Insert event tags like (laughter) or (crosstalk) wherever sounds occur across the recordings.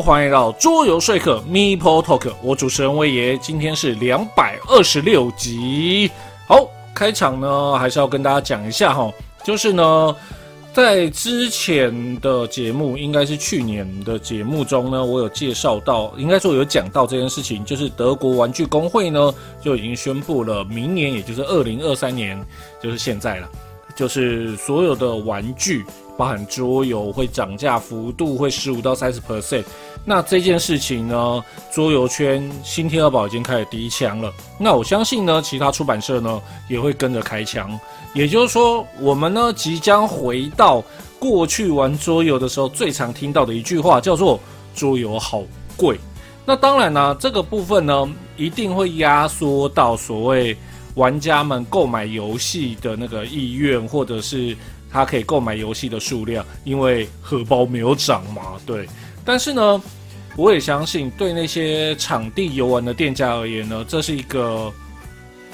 歡迎到桌遊說客 MeepleTalk，我主持人威爺，今天是兩百二十六集。好，開場呢還是要跟大家講一下哈，就是呢，在之前的節目，應該是去年的節目中呢，我有介紹到，應該說有講到這件事情，就是德國玩具工會呢就已經宣佈了，明年也就是二零二三年，就是現在了，就是所有的玩具。喊桌遊會漲價，幅度會十五到三十 percent，那這件事情呢，桌遊圈新天鵝堡已經開始第一槍了。那我相信呢，其他出版社呢也會跟着開槍。也就是說，我們呢即將回到過去玩桌遊的時候最常聽到的一句話，叫做桌遊好貴。那當然呢、啊，這個部分呢一定會壓縮到所謂玩家們購買遊戲的那個意願，或者是。他可以購買遊戲的數量，因為荷包沒有漲嘛。對，但是呢，我也相信對那些場地遊玩的店家而言呢，這是一個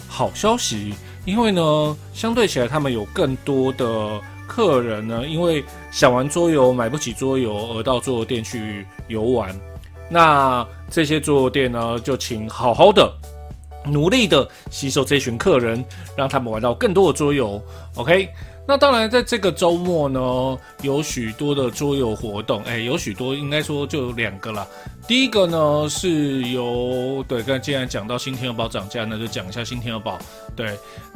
好消息，因為呢，相對起來他們有更多的客人呢，因為想玩桌遊買不起桌遊而到桌遊店去遊玩。那這些桌遊店呢，就請好好的努力的吸收這群客人，讓他們玩到更多的桌遊。OK。那當然，在這個周末呢，有許多的桌遊活動，哎、欸，有許多，應該說就兩個啦。第一個呢，是由對，剛才既然講到新天鵝堡漲價，那就講一下新天鵝堡。對，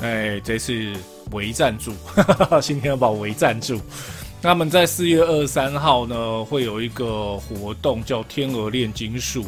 哎、欸，這次為贊助，呵呵呵，新天鵝堡為贊助，那麼在四月二十三號呢，會有一個活動叫《天鵝煉金術》，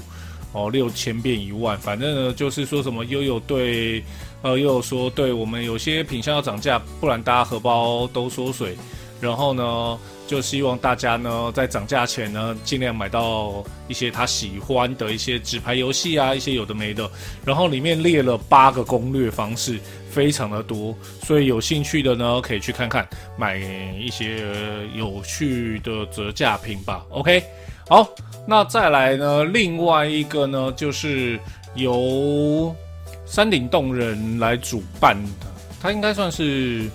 哦，六千變一萬，反正呢就是說什麼悠悠對。呃，又有說，對我們有些品項要漲價，不然大家荷包都縮水。然後呢，就希望大家呢在漲價前呢，盡量買到一些他喜歡的一些紙牌遊戲啊，一些有的沒的。然後裡面列了八個攻略方式，非常的多，所以有興趣的呢，可以去看看，買一些有趣的折價品吧。OK，好，那再來呢，另外一個呢，就是由。山頂洞人來主辦的，他應該算是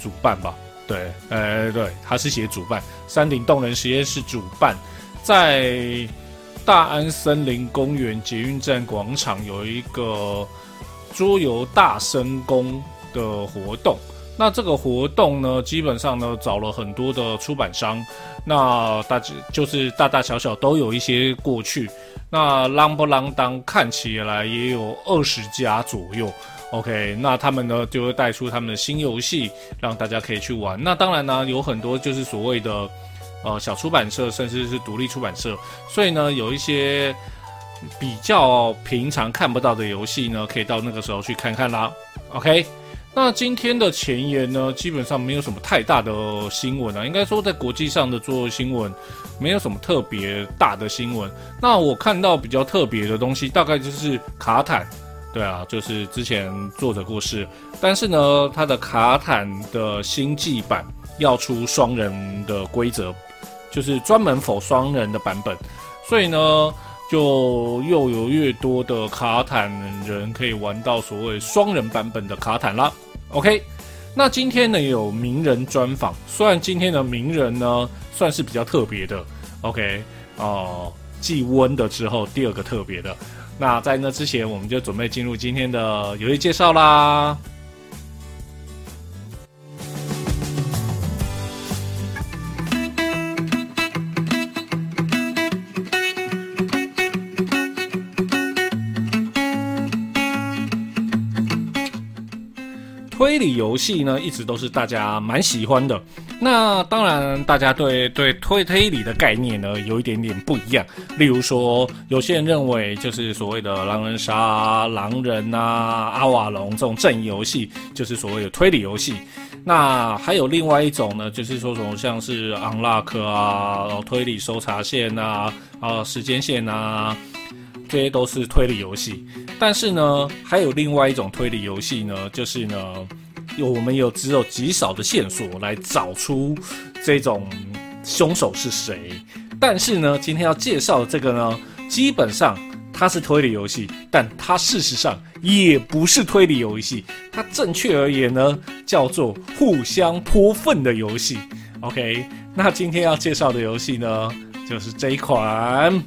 主辦吧？對，哎、欸，對，他是寫主辦。山頂洞人實驗室主辦，在大安森林公園捷運站廣場有一個桌遊大聲公的活動。那這個活動呢，基本上呢，找了很多的出版商，那大致就是大大小小都有一些過去。那啷不啷當，看起來也有二十家左右，OK，那他們呢就會帶出他們的新遊戲，讓大家可以去玩。那當然呢，有很多就是所謂的呃小出版社甚至是獨立出版社，所以呢有一些比較平常看不到的遊戲呢，可以到那個時候去看看啦，OK。那今天的前言呢，基本上沒有什麼太大的新聞啊。應該說，在國際上的做新聞，沒有什麼特別大的新聞。那我看到比較特別的東西，大概就是卡坦，對啊，就是之前做的故事。但是呢，它的卡坦的星際版要出雙人的規則，就是專門 for 雙人的版本，所以呢。就又，又有越多的卡坦人可以玩到所謂雙人版本的卡坦啦。OK，那今天呢，有名人專訪，雖然今天的名人呢算是比較特別的。OK，哦、呃，季溫的之後第二個特別的，那在那之前我們就準備進入今天的遊戲介紹啦。推理遊戲呢，一直都是大家蠻喜歡的。那當然，大家對對推推理的概念呢，有一點點不一樣。例如說，有些人認為就是所謂的狼人殺、狼人啊、阿瓦隆這種陣營遊戲，就是所謂的推理遊戲。那還有另外一種呢，就是說從像是 Unlock 啊、推理搜查線啊、啊、呃、時間線啊，這些都是推理遊戲。但是呢，還有另外一種推理遊戲呢，就是呢。有我們有只有極少的線索來找出這種兇手是誰，但是呢，今天要介紹的這個呢，基本上它是推理遊戲，但它事實上也不是推理遊戲，它正確而言呢，叫做互相潑糞的遊戲。OK，那今天要介紹的遊戲呢，就是這一款，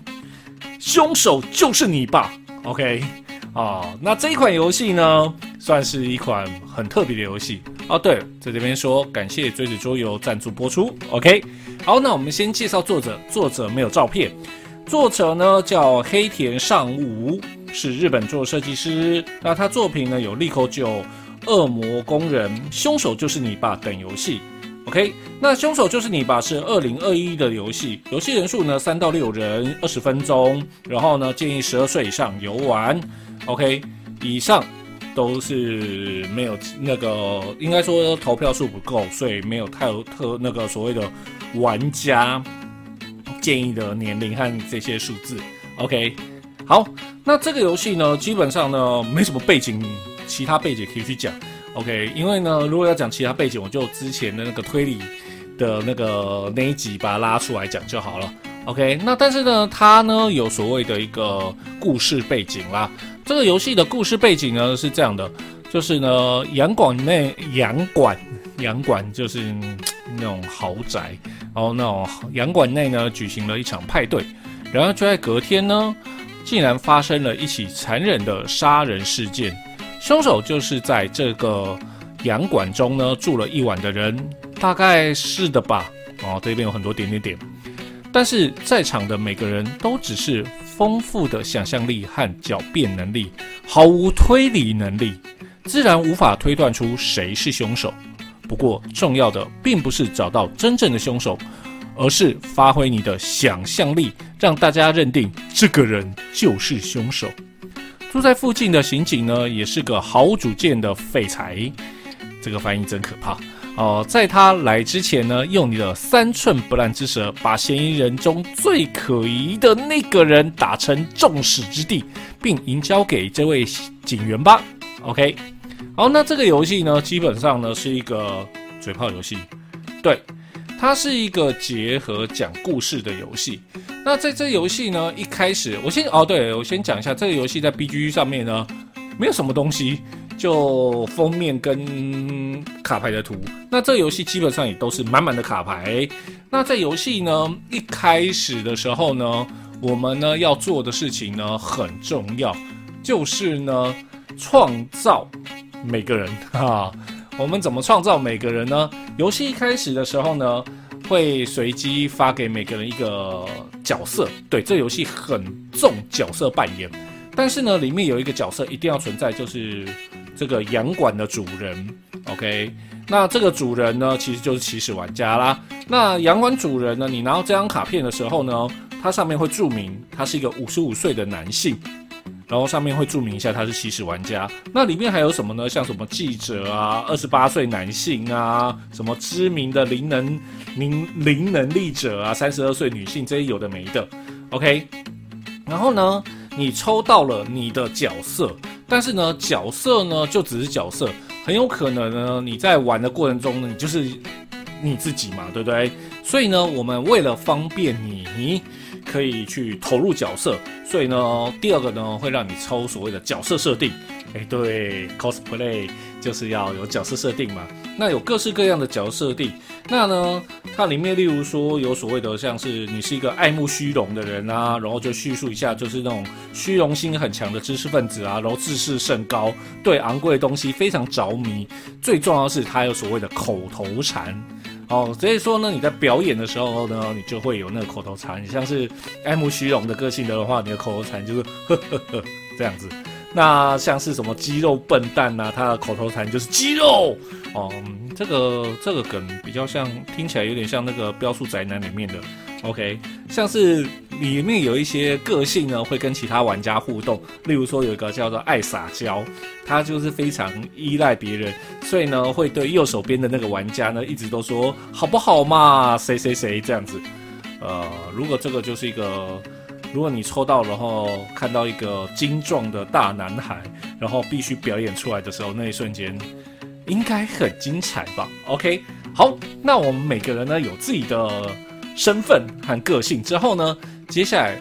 兇手就是你吧。OK，哦，那這一款遊戲呢？算是一款很特別的遊戲哦。對，在這邊說，感謝《追子桌遊》贊助播出。OK，好，那我們先介紹作者。作者沒有照片，作者呢叫黑田尚武，是日本做設計師。那他作品呢有《利口酒》、《惡魔工人》、《兇手就是你吧》等遊戲。OK，那《兇手就是你吧》是二零二一的遊戲，遊戲人數呢三到六人，二十分鐘，然後呢建議十二歲以上遊玩。OK，以上。都是沒有那個，應該說投票數不夠，所以沒有太有特那個所謂的玩家建議的年齡和這些數字。OK，好，那這個遊戲呢，基本上呢沒什麼背景，其他背景可以去講。OK，因為呢，如果要講其他背景，我就之前的那個推理的那個那一集把它拉出來講就好了。OK，那但是呢，它呢有所謂的一個故事背景啦。這個遊戲的故事背景呢是這樣的，就是呢，洋館內洋館洋館就是那種豪宅，然後那種洋館內呢舉行了一場派對，然後就在隔天呢，竟然發生了一起殘忍的殺人事件，兇手就是在這個洋館中呢住了一晚的人，大概是的吧？哦，這邊有很多點點點，但是在場的每個人都只是。豐富的想象力和狡辯能力，毫無推理能力，自然無法推斷出誰是兇手。不過，重要的並不是找到真正的兇手，而是發揮你的想象力，讓大家認定這個人就是兇手。住在附近的刑警呢，也是個毫無主見的廢材。這個翻譯真可怕。哦、呃，在他來之前呢，用你的三寸不爛之舌，把嫌疑人中最可疑的那個人打成眾矢之的，並移交給這位警員吧。OK，好，那這個遊戲呢，基本上呢是一個嘴炮遊戲，對，它是一個結合講故事的遊戲。那在這遊戲呢，一開始我先哦，對我先講一下這個遊戲在 BG 上面呢，沒有什麼東西。就封面跟卡牌的圖，那這遊戲基本上也都是滿滿的卡牌。那在遊戲呢，一開始的時候呢，我們呢要做的事情呢很重要，就是呢創造每個人啊。我們怎麼創造每個人呢？遊戲一開始的時候呢，會隨機發給每個人一個角色。對，這遊戲很重角色扮演，但是呢，裡面有一個角色一定要存在，就是。這個洋館的主人，OK，那這個主人呢，其實就是起始玩家啦。那洋館主人呢，你拿到這張卡片的時候呢，它上面會注明他是一個五十五歲的男性，然後上面會注明一下他是起始玩家。那裡面還有什麼呢？像什麼記者啊，二十八歲男性啊，什麼知名的靈能靈靈能力者啊，三十二歲女性，這些有的沒的，OK。然後呢，你抽到了你的角色。但是呢，角色呢就只是角色，很有可能呢，你在玩的過程中呢，你就是你自己嘛，對不對？所以呢，我們為了方便你。可以去投入角色，所以呢，第二個呢，會讓你抽所謂的角色設定。哎、欸，對，cosplay 就是要有角色設定嘛。那有各式各樣的角色設定，那呢，它裡面例如說有所謂的，像是你是一個愛慕虛榮的人啊，然後就敘述一下，就是那種虛榮心很強的知識分子啊，然後自視甚高，對昂貴的東西非常着迷。最重要的是，它有所謂的口頭禪。哦，所以說呢，你在表演的時候呢，你就會有那個口頭禪，你像是愛慕虛榮的個性的話，你的口頭禪就是呵呵呵，這樣子。那像是什麼肌肉笨蛋吶、啊？他的口頭禪就是肌肉哦、嗯。這個這個梗比較像，聽起來有點像那個《飆速宅男》裡面的。OK，像是裡面有一些個性呢，會跟其他玩家互動。例如說，有一個叫做愛撒嬌，他就是非常依賴別人，所以呢，會對右手邊的那個玩家呢，一直都說好不好嘛？誰誰誰這樣子。呃，如果這個就是一個。如果你抽到然後看到一個精壯的大男孩，然後必須表演出來的時候，那一瞬間應該很精彩吧？OK，好，那我們每個人呢有自己的身份和個性之後呢，接下來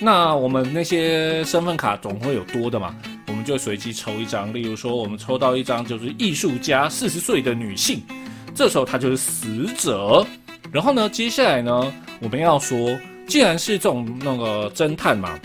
那我們那些身份卡總會有多的嘛，我們就隨機抽一張。例如說我們抽到一張就是藝術家，四十歲的女性，這時候她就是死者。然後呢，接下來呢我們要說。既然是這種那個偵探嘛，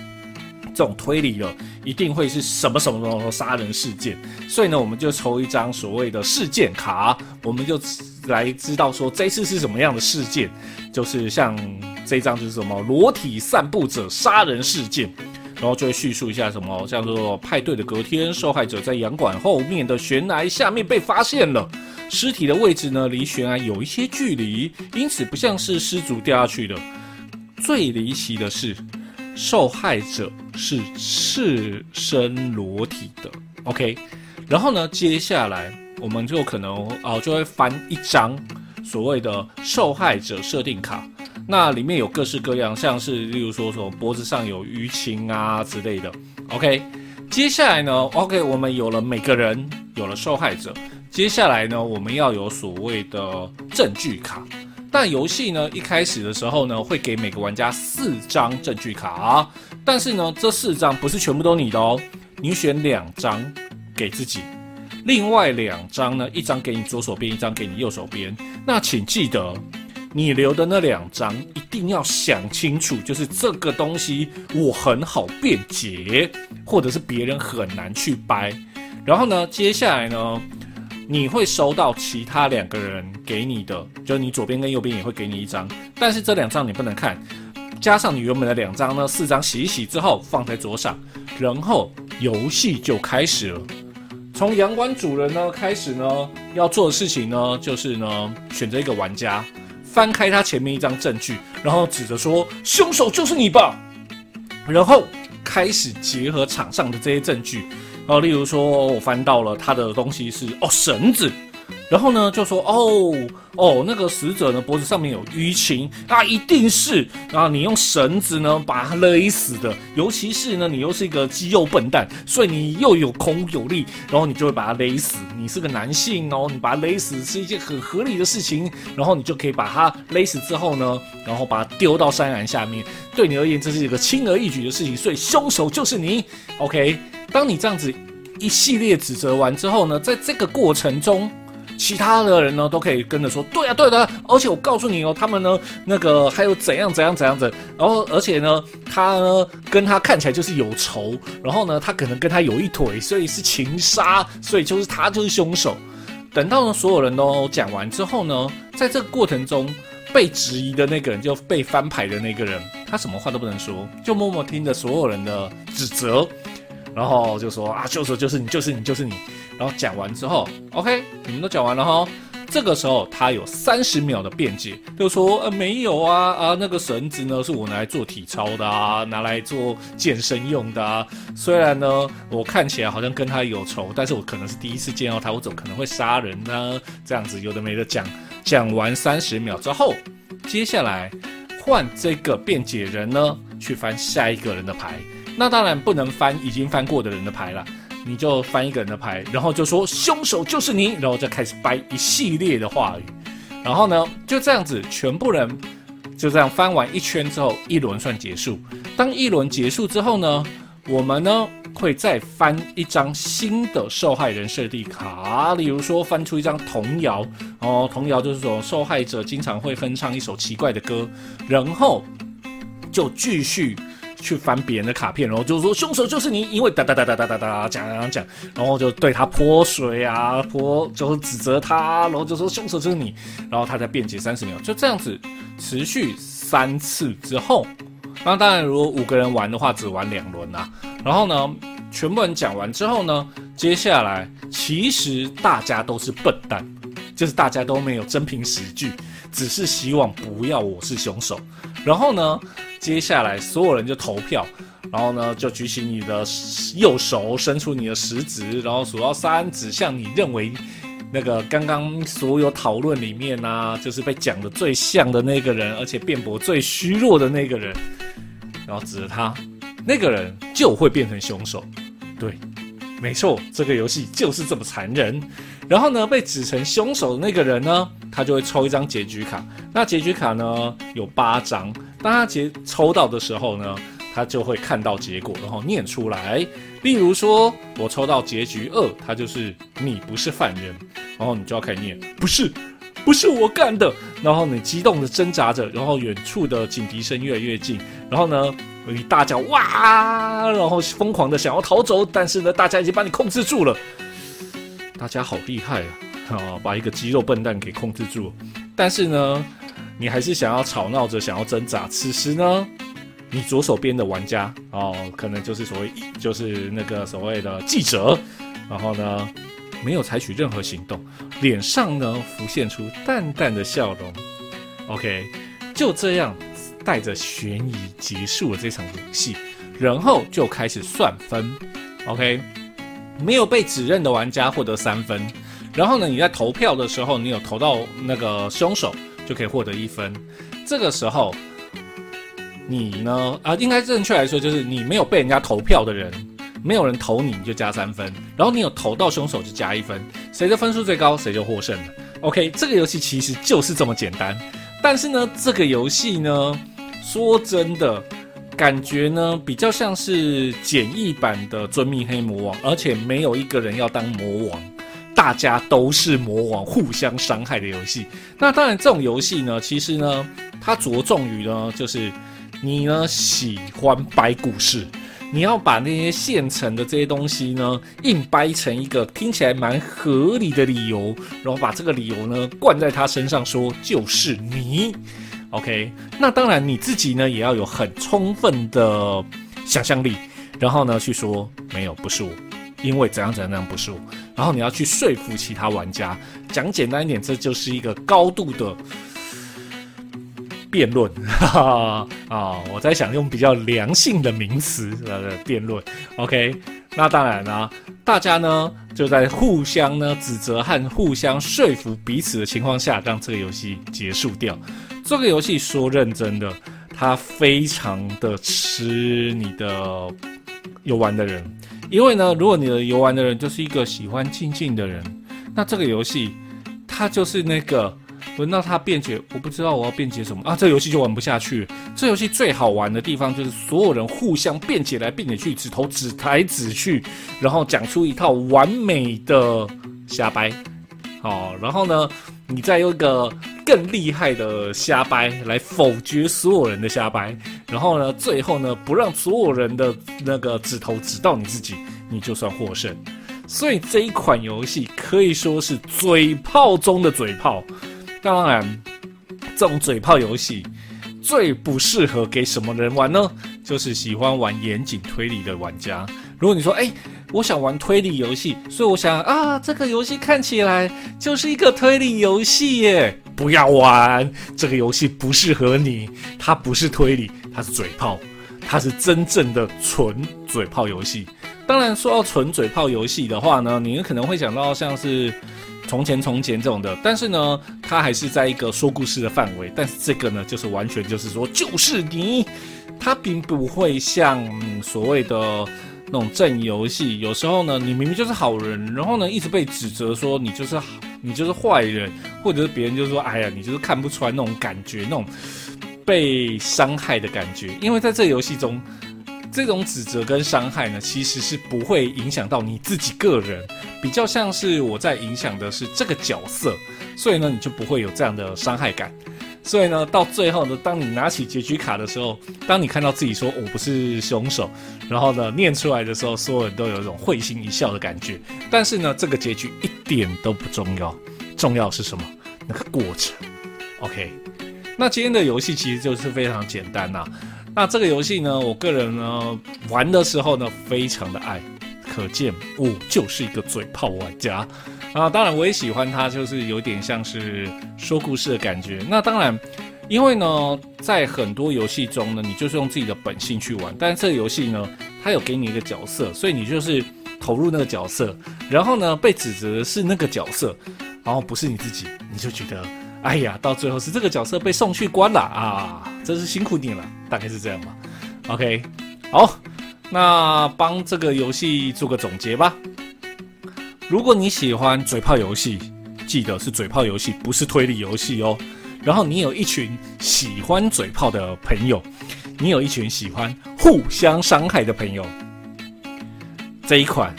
這種推理了，一定會是什麼什麼什麼殺人事件，所以呢，我們就抽一張所謂的事件卡，我們就來知道說這次是什麼樣的事件。就是像這張就是什麼裸體散步者殺人事件，然後就會敘述一下什麼，像說派對的隔天，受害者在洋館後面的懸崖下面被發現了，屍體的位置呢離懸崖有一些距離，因此不像是失足掉下去的。最離奇的是，受害者是赤身裸體的。OK，然後呢，接下來我們就可能啊、哦，就會翻一張所謂的受害者設定卡，那裡面有各式各樣，像是例如說什麼脖子上有淤青啊之類的。OK，接下來呢，OK，我們有了每個人，有了受害者，接下來呢，我們要有所謂的證據卡。但遊戲呢，一開始的時候呢，會給每個玩家四張證據卡。但是呢，這四張不是全部都你的哦。你選兩張給自己，另外兩張呢，一張給你左手邊，一張給你右手邊。那請記得，你留的那兩張一定要想清楚，就是這個東西我很好辯解，或者是別人很難去掰。然後呢，接下來呢，你會收到其他兩個人給你的，就你左邊跟右邊也會給你一張，但是這兩張你不能看。加上你原本的兩張呢，四張洗一洗之後放在桌上，然後遊戲就開始了。從陽光主人呢開始呢，要做的事情呢，就是呢選擇一個玩家，翻開他前面一張證據，然後指着說：“兇手就是你吧。”然後開始結合場上的這些證據。哦、啊，例如說我翻到了他的東西是哦繩子，然後呢就說哦哦那個死者呢脖子上面有淤青，他、啊、一定是啊你用繩子呢把他勒死的，尤其是呢你又是一個肌肉笨蛋，所以你又有孔有力，然後你就會把他勒死。你是個男性哦，你把他勒死是一件很合理的事情，然後你就可以把他勒死之後呢，然後把他丟到山崖下面，對你而言這是一個輕而易舉的事情，所以兇手就是你。OK。當你這樣子一系列指責完之後呢，在這個過程中，其他的人呢都可以跟着說，對啊，對的，啊，而且我告訴你哦，他們呢，那個還有怎樣怎樣怎樣的，然後而且呢，他呢跟他看起來就是有仇，然後呢，他可能跟他有一腿，所以是情殺，所以就是他就是凶手。等到呢，所有人都講完之後呢，在這個過程中被質疑的那個人，就被翻牌的那個人，他什麼話都不能說，就默默聽着所有人的指責。然後就說啊，就是就是你，就是你，就是你。然後講完之後，OK，你們都講完了吼。這個時候他有三十秒的辯解，就說呃沒有啊啊，那個繩子呢是我拿來做體操的啊，拿來做健身用的啊。雖然呢我看起來好像跟他有仇，但是我可能是第一次見到他，我怎麼可能會殺人呢？這樣子有的沒的講。講完三十秒之後，接下來換這個辯解人呢去翻下一個人的牌。那當然不能翻已經翻過的人的牌了，你就翻一個人的牌，然後就說兇手就是你，然後再開始掰一系列的話語，然後呢就這樣子全部人就這樣翻完一圈之後，一輪算結束。當一輪結束之後呢，我們呢會再翻一張新的受害人設定卡，例如說翻出一張童謠，哦，童謠就是說受害者經常會哼唱一首奇怪的歌，然後就繼續去翻別人的卡片，然後就說兇手就是你，因為噠噠噠噠噠噠噠講講講，然後就對他潑水啊，潑就是指責他，然後就說兇手就是你，然後他再辯解三十秒，就這樣子持續三次之後，那當然如果五個人玩的話，只玩兩輪啊。然後呢，全部人講完之後呢，接下來其實大家都是笨蛋，就是大家都沒有真憑實據，只是希望不要我是兇手。然後呢，接下來，所有人就投票，然後呢，就舉起你的右手，伸出你的食指，然後數到三，指向你認為那個剛剛所有討論裡面啊，就是被講的最像的那個人，而且辯駁最虛弱的那個人，然後指着他，那個人就會變成凶手，對。沒錯，這個遊戲就是這麼殘忍。然後呢，被指成兇手的那個人呢，他就會抽一張結局卡。那結局卡呢，有八張。當他結抽到的時候呢，他就會看到結果，然後念出來。例如說，我抽到結局二，他就是你不是犯人，然後你就要開始念，不是，不是我幹的。然後你激動的掙扎着，然後遠處的警笛聲越來越近。然後呢？你大叫哇，然後瘋狂的想要逃走，但是呢，大家已經把你控制住了。大家好厲害啊，啊！把一個肌肉笨蛋給控制住。但是呢，你還是想要吵鬧着，想要掙扎。此時呢，你左手邊的玩家哦，啊，可能就是所謂，就是那個所謂的記者，然後呢，沒有採取任何行動，臉上呢，浮現出淡淡的笑容。OK，就這樣。帶着懸疑結束了這場遊戲，然後就開始算分。OK，沒有被指認的玩家獲得三分。然後呢，你在投票的時候，你有投到那個兇手，就可以獲得一分。這個時候，你呢，啊，應該正確來說就是你沒有被人家投票的人，沒有人投你，你就加三分。然後你有投到兇手就加一分。誰的分數最高，誰就獲勝了。OK，這個遊戲其實就是這麼簡單。但是呢，這個遊戲呢，說真的，感覺呢比較像是簡易版的《遵命黑魔王》，而且沒有一個人要當魔王，大家都是魔王互相傷害的遊戲。那當然，這種遊戲呢，其實呢，它着重於呢，就是你呢喜歡掰故事，你要把那些現成的這些東西呢，硬掰成一個聽起來蠻合理的理由，然後把這個理由呢灌在他身上說，說就是你。OK，那當然你自己呢也要有很充分的想象力，然後呢去說沒有，不是我，因為怎樣怎樣怎樣不是我，然後你要去說服其他玩家。講簡單一點，這就是一個高度的。辯論哈哈，啊，我在想用比較良性的名詞呃辯論，OK，那當然啦、啊，大家呢就在互相呢指責和互相說服彼此的情況下，讓這個遊戲結束掉。這個遊戲說認真的，它非常的吃你的遊玩的人，因為呢，如果你的遊玩的人就是一個喜歡靜靜的人，那這個遊戲它就是那個。輪到他辯解，我不知道我要辯解什麼啊！這遊戲就玩不下去。這遊戲最好玩的地方就是所有人互相辯解來辯解去，指頭指來指去，然後講出一套完美的瞎掰。好，然後呢，你再用一個更厲害的瞎掰來否決所有人的瞎掰，然後呢，最後呢，不讓所有人的那個指頭指到你自己，你就算獲勝。所以這一款遊戲可以說是嘴炮中的嘴炮。當然，這種嘴炮遊戲最不適合給什麼人玩呢？就是喜歡玩嚴謹推理的玩家。如果你說：“誒，我想玩推理遊戲，所以我想啊，這個遊戲看起來就是一個推理遊戲耶。”不要玩，這個遊戲不適合你，它不是推理，它是嘴炮，它是真正的純嘴炮遊戲。當然，說到純嘴炮遊戲的話呢，你們可能會想到像是。從前，從前這種的，但是呢，他還是在一個說故事的範圍。但是這個呢，就是完全就是說，就是你，他並不會像所謂的那種正義遊戲。有時候呢，你明明就是好人，然後呢，一直被指責說你就是，你就是壞人，或者是別人就說，哎呀，你就是看不出來那種感覺，那種被傷害的感覺。因為在這個遊戲中。這種指責跟傷害呢，其實是不會影響到你自己個人，比較像是我在影響的是這個角色，所以呢，你就不會有這樣的傷害感。所以呢，到最後呢，當你拿起結局卡的時候，當你看到自己說我不是凶手，然後呢，念出來的時候，所有人都有一種會心一笑的感覺。但是呢，這個結局一點都不重要，重要是什麼？那個過程。OK，那今天的遊戲其實就是非常簡單吶啊。那這個遊戲呢，我個人呢，玩的時候呢，非常的愛，可見我就是一個嘴炮玩家啊。當然我也喜歡它，就是有點像是說故事的感覺。那當然，因為呢在很多遊戲中呢，你就是用自己的本性去玩，但是這個遊戲呢，它有給你一個角色，所以你就是投入那個角色，然後呢被指責的是那個角色，然後不是你自己，你就覺得。哎呀，到最後是這個角色被送去關了啊！真是辛苦你了，大概是這樣吧。OK，好，那幫這個遊戲做個總結吧。如果你喜歡嘴炮遊戲，記得是嘴炮遊戲，不是推理遊戲哦。然後你有一群喜歡嘴炮的朋友，你有一群喜歡互相傷害的朋友，這一款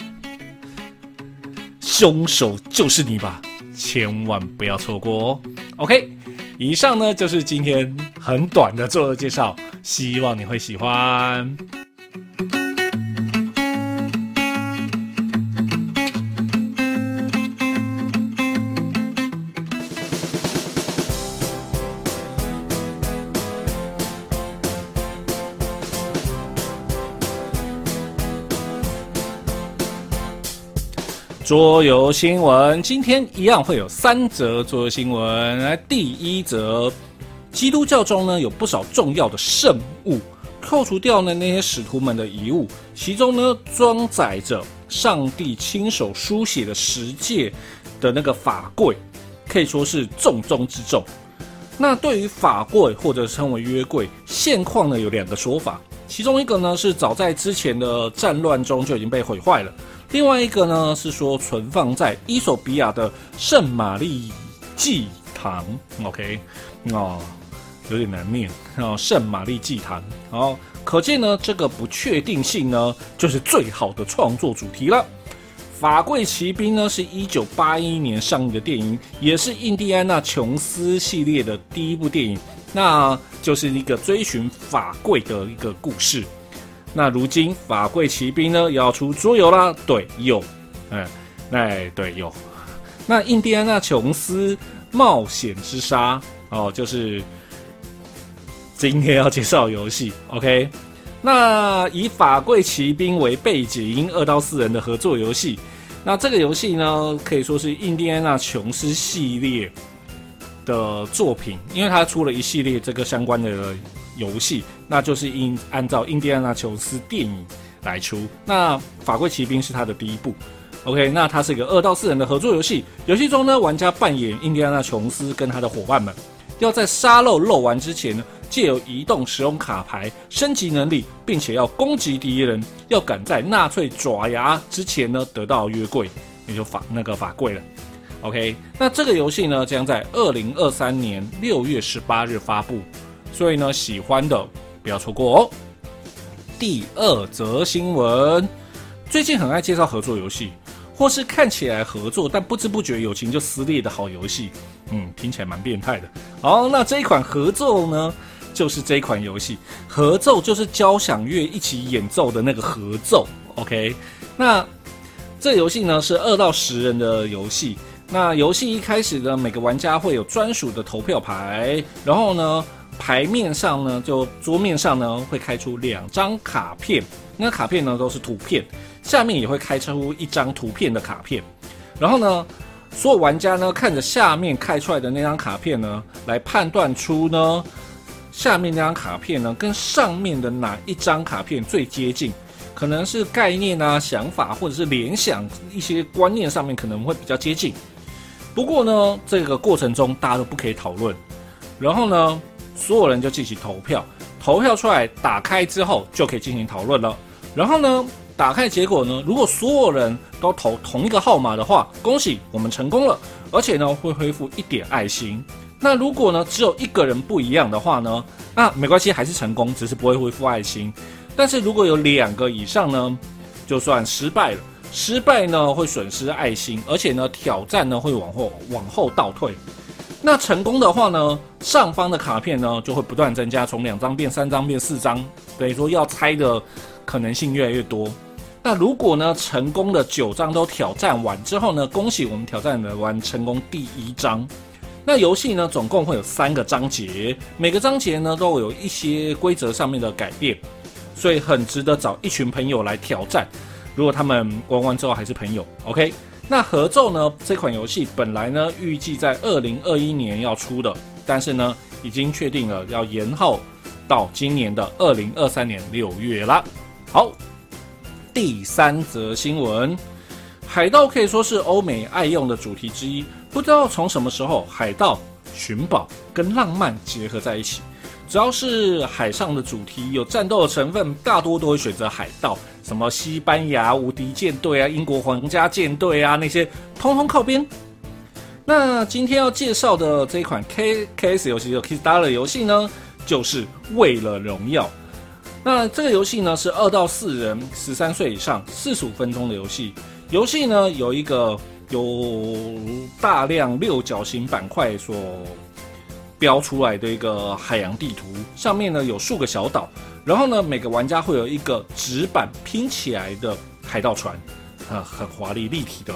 兇手就是你吧？千萬不要錯過哦。OK，以上呢就是今天很短的作者介紹，希望你會喜歡。桌遊新聞，今天一樣會有三則桌遊新聞。來，第一則，基督教中呢有不少重要的聖物，扣除掉呢那些使徒們的遺物，其中呢裝載着上帝親手書寫的十誡的那個法櫃，可以說是重中之重。那對於法櫃或者稱為約櫃，現況呢有兩個說法。其中一個呢是早在之前的戰亂中就已經被毀壞了，另外一個呢是說存放在伊索比亞的聖瑪麗祭壇 OK，哦，有點難念，聖瑪麗祭壇然、哦、可見呢，這個不確定性呢，就是最好的創作主題了。法櫃奇兵呢，是一九八一年上映的電影，也是印第安納瓊斯系列的第一部電影。那就是一個追尋法櫃的一個故事。那如今法櫃奇兵呢，也要出桌遊啦。對，有，嗯，那，對，有。那《印第安納瓊斯冒險之沙》哦，就是今天要介紹遊戲。OK，那以法櫃奇兵為背景，二到四人的合作遊戲。那這個遊戲呢，可以說是《印第安納瓊斯》系列的作品，因為他出了一系列這個相關的遊戲，那就是因按照《印第安納瓊斯》電影來出。那《法櫃騎兵》是他的第一部。OK，那他是一個二到四人的合作遊戲。遊戲中呢，玩家扮演印第安納瓊斯跟他的夥伴們，要在沙漏漏完之前呢，借由移動、使用卡牌升級能力，並且要攻擊敵人，要趕在納粹爪牙之前呢得到約櫃，也就法那個法櫃了。OK，那這個遊戲呢將在二零二三年六月十八日發布，所以呢喜歡的不要錯過哦。第二則新聞，最近很愛介紹合作遊戲，或是看起來合作但不知不覺友情就撕裂的好遊戲。嗯，聽起來蠻變態的。好，那這一款合奏呢，就是這一款遊戲合奏就是交響樂一起演奏的那個合奏。OK，那這遊戲呢是二到十人的遊戲。那遊戲一開始呢，每個玩家會有專屬的投票牌，然後呢，牌面上呢，就桌面上呢，會開出兩張卡片，那個卡片呢都是圖片，下面也會開出一張圖片的卡片，然後呢，所有玩家呢看着下面開出來的那張卡片呢，來判斷出呢，下面那張卡片呢跟上面的哪一張卡片最接近，可能是概念啊、想法或者是聯想，一些觀念上面可能會比較接近。不過呢，這個過程中大家都不可以討論，然後呢，所有人就進行投票，投票出來打開之後就可以進行討論了。然後呢，打開結果呢，如果所有人都投同一個號碼的話，恭喜我們成功了，而且呢會恢復一點愛心。那如果呢只有一個人不一樣的話呢，那沒關係，還是成功，只是不會恢復愛心。但是如果有兩個以上呢，就算失敗了。失敗呢會損失愛心，而且呢挑戰呢會往後往後倒退。那成功的話呢，上方的卡片呢就會不斷增加，從兩張變三張變四張，等於說要猜的可能性越來越多。那如果呢成功的九張都挑戰完之後呢，恭喜我們挑戰的完成功第一章。那遊戲呢總共會有三個章節，每個章節呢都有一些規則上面的改變，所以很值得找一群朋友來挑戰。如果他們玩完之後還是朋友，OK，那合奏呢？這款遊戲本來呢預計在二零二一年要出的，但是呢已經確定了要延後到今年的二零二三年六月啦。好，第三則新聞，海盜可以說是歐美愛用的主題之一，不知道從什麼時候海，海盜尋寶跟浪漫結合在一起。只要是海上的主題有戰鬥的成分，大多都會選擇海盜，什麼西班牙無敵艦隊啊、英國皇家艦隊啊那些，通通靠邊。那今天要介紹的這款 K K S 遊戲，就 Kickstarter 遊戲呢，就是《為了榮耀》。那這個遊戲呢是二到四人，十三歲以上，四十五分鐘的遊戲。遊戲呢有一個由大量六角形板塊所。標出來的一個海洋地圖，上面呢有數個小島，然後呢每個玩家會有一個紙板拼起來的海盜船，啊，很華麗立體的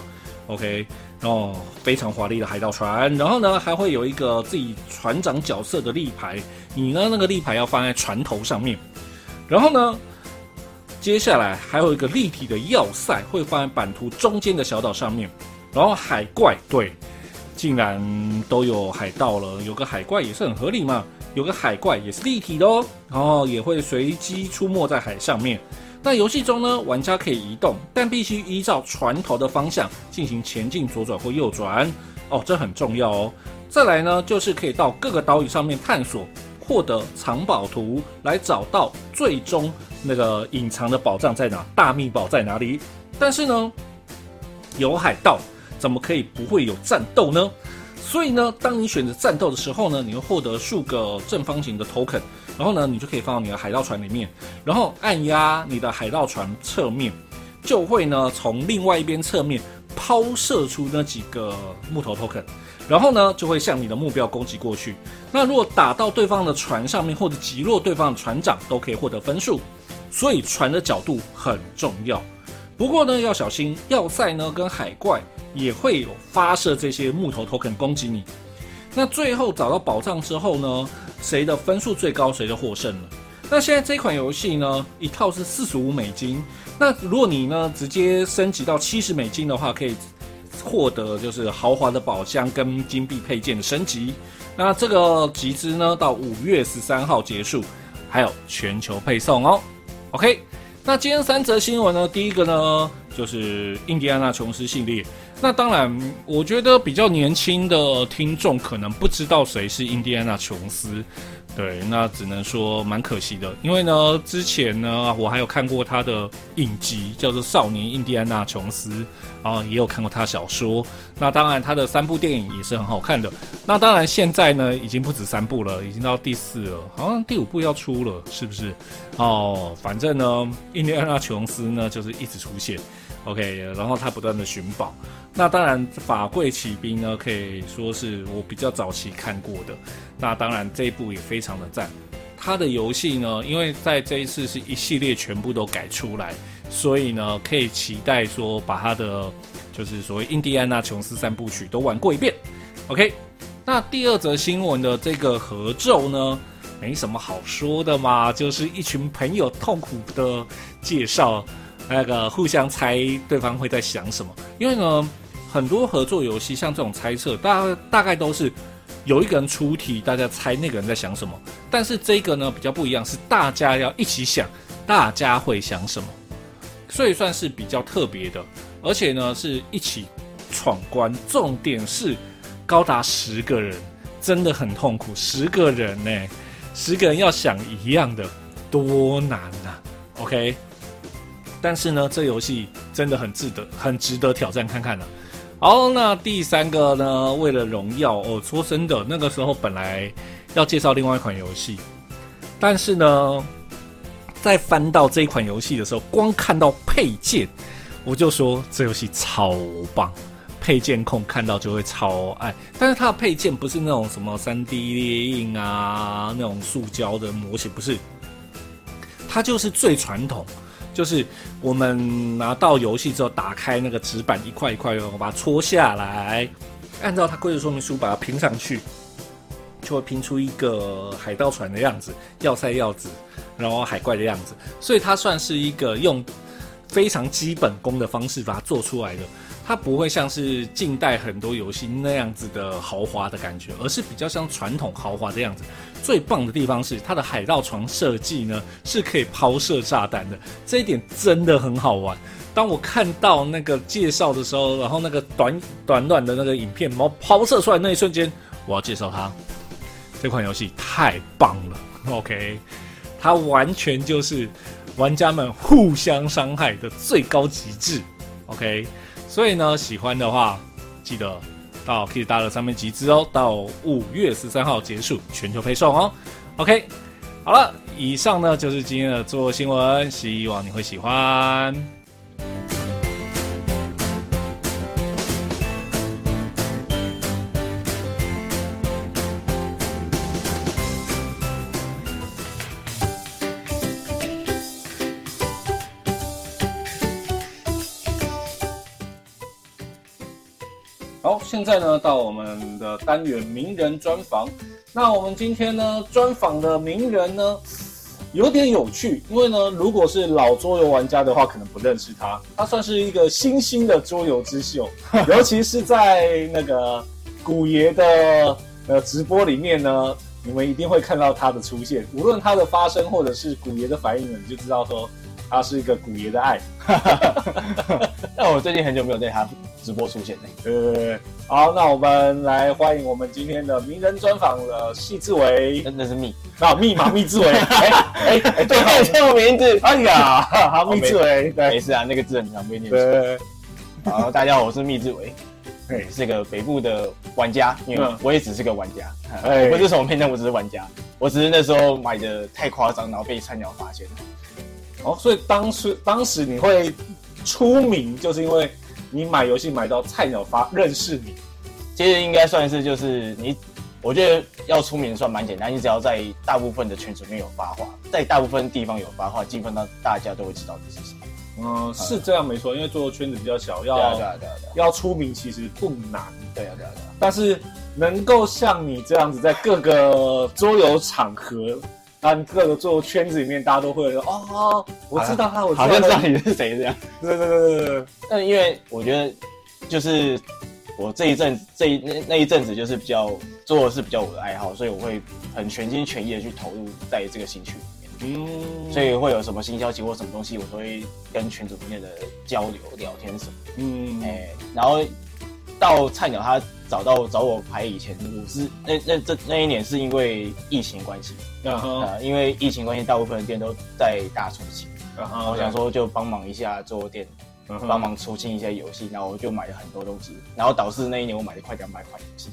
，OK，然後非常華麗的海盜船，然後呢還會有一個自己船長角色的立牌，你呢那個立牌要放在船頭上面，然後呢接下來還有一個立體的要塞會放在版圖中間的小島上面，然後海怪對。竟然都有海盜了，有個海怪也是很合理嘛。有個海怪也是立體的哦，然後也會隨機出沒在海上面。那遊戲中呢，玩家可以移動，但必須依照船頭的方向進行前進、左轉或右轉。哦，這很重要哦。再來呢，就是可以到各個島嶼上面探索，獲得藏寶圖，來找到最終那個隱藏的寶藏在哪，大秘寶在哪裡。但是呢，有海盜。怎麼可以不會有戰鬥呢？所以呢，當你選擇戰鬥的時候呢，你會獲得數個正方形的 token，然後呢，你就可以放到你的海盜船裡面，然後按壓你的海盜船側面，就會呢從另外一邊側面拋射出那幾個木頭 token，然後呢就會向你的目標攻擊過去。那如果打到對方的船上面或者擊落對方的船長，都可以獲得分數。所以船的角度很重要。不過呢，要小心要塞呢，跟海怪也會有發射這些木頭 token 攻擊你。那最後找到寶藏之後呢，誰的分數最高，誰就獲勝了。那現在這款遊戲呢，一套是四十五美金。那如果你呢直接升級到七十美金的話，可以獲得就是豪華的寶箱跟金幣配件的升級。那這個集資呢到五月十三號結束，還有全球配送哦。OK。那今天三則新聞呢，第一個呢，就是印第安納瓊斯系列。那當然，我覺得比較年輕的聽眾可能不知道誰是印第安納瓊斯。對，那只能說蠻可惜的，因為呢，之前呢，我還有看過他的影集，叫做《少年印第安納瓊斯》哦，然後也有看過他的小說。那當然，他的三部電影也是很好看的。那當然，現在呢，已經不止三部了，已經到第四了，好像第五部要出了，是不是？哦，反正呢，印第安納瓊斯呢，就是一直出現。OK，然後他不斷的尋寶。那當然，《法櫃奇兵》呢，可以說是我比較早期看過的。那當然，這一部也非常的讚。他的遊戲呢，因為在這一次是一系列全部都改出來，所以呢，可以期待說把他的就是所謂《印第安納瓊斯三部曲》都玩過一遍。OK，那第二則新聞的這個合奏呢，沒什麼好說的嘛，就是一群朋友痛苦的介紹。那個互相猜對方會在想什麼，因為呢，很多合作遊戲像這種猜測，大家大概都是有一個人出題，大家猜那個人在想什麼。但是這個呢比較不一樣，是大家要一起想，大家會想什麼，所以算是比較特別的。而且呢，是一起闖關，重點是高達十個人，真的很痛苦，十個人呢、欸，十個人要想一樣的，多難啊！OK。但是呢，這遊戲真的很值得，很值得挑戰看看呢、啊。好，那第三個呢，為了榮耀哦，出生的，那個時候本來要介紹另外一款遊戲，但是呢，在翻到這一款遊戲的時候，光看到配件，我就說這遊戲超棒，配件控看到就會超愛。但是它的配件不是那種什麼 3D 列印啊，那種塑膠的模型，不是，它就是最傳統。就是我們拿到遊戲之後，打開那個紙板一塊一塊哦，把它戳下來，按照它規則說明書把它拼上去，就會拼出一個海盜船的樣子、要塞樣子，然後海怪的樣子。所以它算是一個用非常基本功的方式把它做出來的。它不會像是近代很多遊戲那樣子的豪華的感覺，而是比較像傳統豪華的樣子。最棒的地方是它的海盜船設計呢，是可以拋射炸彈的，這一點真的很好玩。當我看到那個介紹的時候，然後那個短短短的那個影片，然後拋射出來那一瞬間，我要介紹它，這款遊戲太棒了。OK，它完全就是玩家們互相傷害的最高極致。OK。所以呢，喜歡的話，記得到 Kids 大樂上面集資哦，到五月十三號結束，全球配送哦。OK，好了，以上呢就是今天的做新聞，希望你會喜歡。現在呢，到我們的單元名人專訪。那我們今天呢，專訪的名人呢，有點有趣，因為呢，如果是老桌遊玩家的話，可能不認識他。他算是一個新興的桌遊之秀，尤其是在那個古爺的直播裡面呢，你們一定會看到他的出現。無論他的發聲或者是古爺的反應，你就知道說。他是一個古爺的愛，那我最近很久沒有在他直播出現嘞。呃，好，那我們來歡迎我們今天的名人專訪了。密志偉，真的是密，那密碼密志偉，哎哎哎，對，這個名字，哎呀，哈密志偉，沒事啊，那個字很常被念錯。好，大家好，我是密志偉，是一個北部的玩家，因為我也只是個玩家，我不是什麼名人，我只是玩家，我只是那時候買得太誇張，然後被菜鳥發現哦，所以當時當時你會出名，就是因為你買遊戲買到菜鳥發認識你，其實應該算是就是你，我覺得要出名算蠻簡單，你只要在大部分的圈子裡面有發話，在大部分地方有發話，基本上大家都會知道你是誰。嗯，是這樣沒錯，因為桌遊圈子比較小，要、對啊對啊對啊對啊、要出名其實不難。對啊對啊對啊。對啊對啊對啊，但是能夠像你這樣子，在各個桌遊場合。 (laughs) 但各個做圈子裡面，大家都會說：“哦，我知道他，我知道他好像我知道你是誰這樣。” (laughs) 對對對對對。嗯，但因為我覺得，就是我這一陣、這一那那一陣子，就是比較做的是比較我的愛好，所以我會很全心全意的去投入在這個興趣裡面。嗯。所以會有什麼新消息或什麼東西，我都會跟群組裡面的交流、聊天什麼。嗯。哎、欸，然後到菜鳥他。找到找我排以前，我是那那這那，那一年是因為疫情關係、uh huh. 呃，因為疫情關係，大部分的店都在大出清，uh huh. 我想說就幫忙一下做店，幫、uh huh. 忙出清一下遊戲，然後我就買了很多東西，然後導致那一年我買了快兩百款遊戲，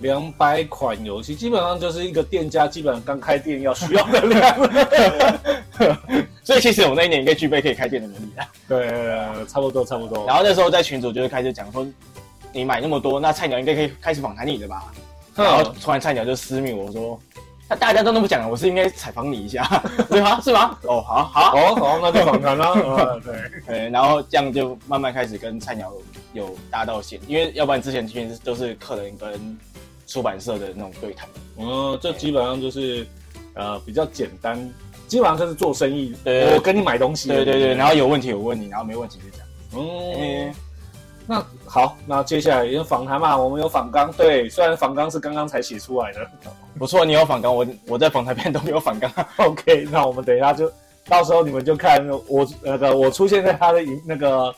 兩百款遊戲基本上就是一個店家基本上剛開店要需要的量， (laughs) (laughs) 所以其實我那一年應該具備可以開店的能力了，對，差不多差不多。然後那時候在群組就會開始講說。你買那麼多，那菜鳥應該可以開始訪談你的吧？然後突然菜鳥就私密我說，那大家都那麼講了，我是應該採訪你一下，對嗎？是嗎？哦，好好，哦那就訪談啦。對，然後這樣就慢慢開始跟菜鳥有搭到線，因為要不然之前其實都是客人跟出版社的那種對談。哦，這基本上就是呃比較簡單，基本上就是做生意，我跟你買東西。對對對，然後有問題我問你，然後沒問題就講。嗯。那好，那接下來因為訪談嘛，我們有訪綱對，雖然訪綱是剛剛才寫出來的， (laughs) 不錯，你有訪綱，我我在訪談片都沒有訪綱。 (laughs) OK，那我們等一下就，到時候你們就看我那個、呃、我出現在他的影那個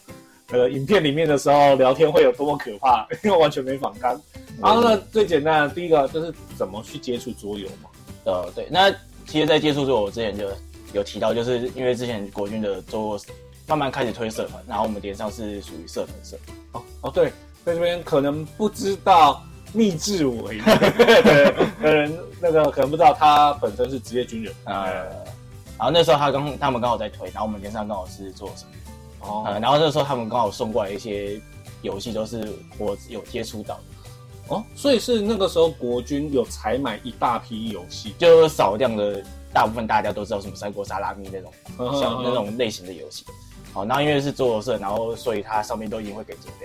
呃影片裡面的時候，聊天會有多麼可怕， (laughs) 因為完全沒訪綱。嗯、然後呢，最簡單的第一個就是怎麼去接觸桌遊嘛。呃，對，那其實在接觸桌遊之前就有提到，就是因為之前國軍的桌。慢慢開始推社團，然後我們連上是屬於社團社團。哦哦，對，在這邊可能不知道，秘製我一樣。 (laughs) 對對對，可能那個，可能不知道他本身是職業軍人。呃，然後那時候他剛，他們剛好在推，然後我們連上剛好是做什麼、哦啊、然後那時候他們剛好送過來一些遊戲，都是我有接觸到的。哦，所以是那個時候國軍有採買一大批遊戲，就少量的，大部分大家都知道什麼三國殺、拉密那種，嗯嗯嗯，像那種類型的遊戲。好，那因為是桌遊社，然後所以它上面都已經會給經費。好、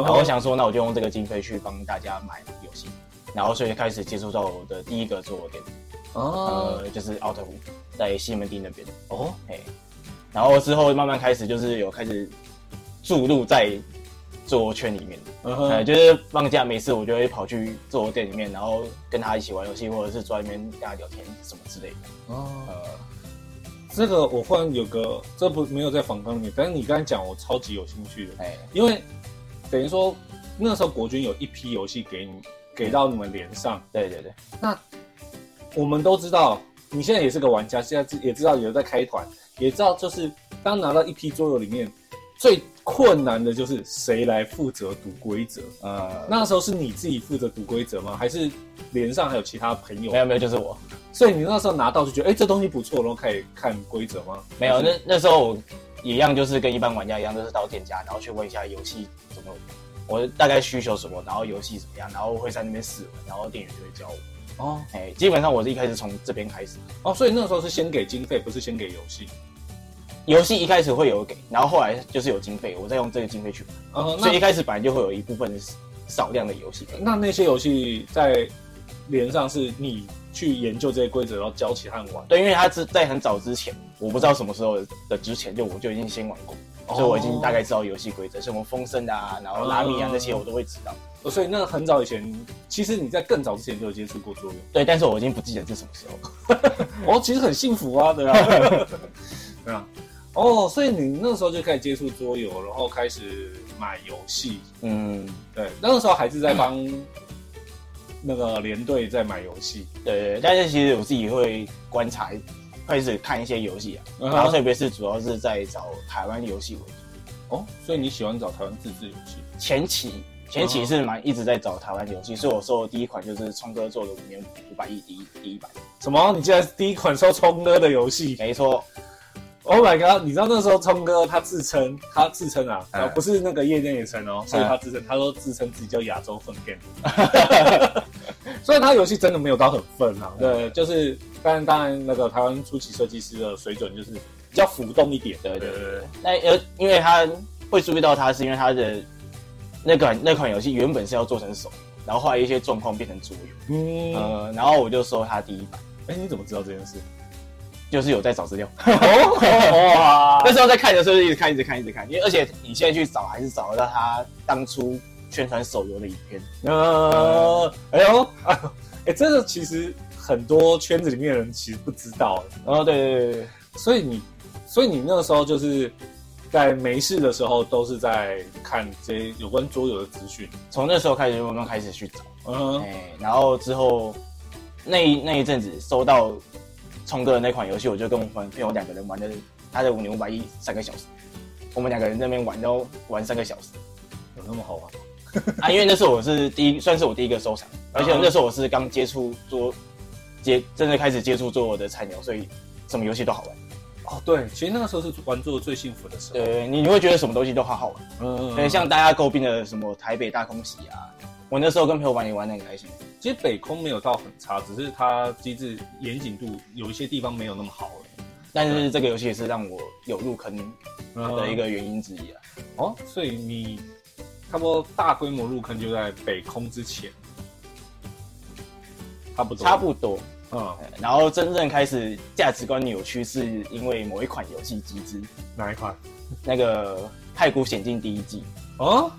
uh，huh. 然後我想說，那我就用這個經費去幫大家買遊戲，然後所以開始接觸到我的第一個桌遊店。哦、uh。Huh. 呃，就是 Outfit 在西門町那邊。哦、uh。哎、huh.。然後之後慢慢開始就是有開始注入在桌遊圈裡面。嗯、uh huh. 呃、就是放假沒事，我就會跑去桌遊店裡面，然後跟他一起玩遊戲，或者是坐在那邊大家聊天什麼之類的。哦、uh。Huh. 呃這個我忽然有個，這個、不沒有在訪綱裡面，但是你剛才講，我超級有興趣的，哎嘿，因為等於說那時候國軍有一批遊戲給你給到你們連上，對對對。那我們都知道，你現在也是個玩家，現在也也知道有在開團，也知道就是當拿到一批桌遊裡面，最困難的就是誰來負責讀規則啊？呃、那時候是你自己負責讀規則嗎？還是連上還有其他朋友？沒有沒有，就是我。所以你那時候拿到就覺得，哎、欸，這東西不錯，然後可以看規則嗎？沒有，那那時候我一樣，就是跟一般玩家一樣，就是到店家，然後去問一下遊戲怎麼，我大概需求什麼，然後遊戲怎麼樣，然後會在那邊試玩，然後店員就會教我。哦，哎、欸，基本上我是一開始從這邊開始。哦，所以那時候是先給經費，不是先給遊戲？遊戲一開始會有給，然後後來就是有經費，我再用這個經費去買。哦、嗯，那所以一開始本來就會有一部分少量的遊戲。那那些遊戲在連上是你？去研究這些規則，然後教其他人玩。對，因為他是，在很早之前，我不知道什麼時候的之前，就我就已經先玩過，哦、所以我已經大概知道遊戲規則，像什麼風聲啊，然後拉米啊那、嗯、些，我都會知道、哦。所以那很早以前，其實你在更早之前就有接觸過桌遊。對，但是我已經不記得是什麼時候。 (laughs) (laughs) 哦，其實很幸福啊，對啊，對啊。哦，所以你那時候就開始接觸桌遊，然後開始買遊戲。嗯，對，那個時候還是在幫、嗯。那個連隊在買遊戲，對，對，對，但是其實我自己會觀察，開始看一些遊戲啊，嗯、哼然後特別是主要是在找台灣遊戲為主。哦，所以你喜歡找台灣自制遊戲？前期，前期是蠻一直在找台灣遊戲，嗯、哼所以我收的第一款就是衝哥做的《五年五百億第一第一版》。什麼？你竟然第一款收衝哥的遊戲？沒錯。Oh my god！你知道那時候聰哥他自稱，他自稱啊，哎、呀不是那個業界也稱哦，哎、呀所以他自稱，他說自稱自己叫亞洲瘋 g a m e 哈哈， (laughs) (laughs) (laughs) 所以他遊戲真的沒有到很瘋啊，嗯、對，就是，但當然那個台灣初期設計師的水準就是比較浮動一點，對,對對對，那呃，因為他會注意到他是因為他的那款那款遊戲原本是要做成手，然後後來一些狀況變成桌遊。嗯，呃，然後我就收他第一版，哎、欸，你怎麼知道這件事？就是有在找資料，哇！Oh、my (laughs) 那時候在看的時候，就一直看，一直看，一直看。因為而且你現在去找，還是找得到他當初宣傳手遊的影片。呃，uh, 哎呦，哎、啊欸，這個其實很多圈子裡面的人其實不知道。然後，對對對。所以你，所以你那個時候就是在沒事的時候都是在看這些有關桌遊的資訊。從、uh huh. 那時候開始，慢慢開始去找。嗯、uh huh. 欸。然後之後那那一陣子收到。衝哥的那款遊戲，我就跟我朋友兩個人玩的，他的五牛五百一三個小時，我們兩個人在那邊玩都玩三個小時，有那麼好玩嗎？ (laughs) 啊，因為那時候我是第一，算是我第一個收藏，而且那時候我是剛接觸做，接正在開始接觸做我的菜鳥，所以什麼遊戲都好玩。哦，oh, 對，其實那個時候是玩做的最幸福的時候。對你，你會覺得什麼東西都好好玩。嗯，對，像大家詬病的什麼台北大空襲啊，我那時候跟朋友玩也玩得很開心。其實北空沒有到很差，只是它機制嚴謹度有一些地方沒有那麼好了。嗯、但是這個遊戲也是讓我有入坑的一個原因之一啊、嗯。哦，所以你差不多大規模入坑就在北空之前，差不多，差不多。嗯，然後真正開始價值觀扭曲，是因為某一款遊戲集資。哪一款？那個《太古險境》第一季。哦，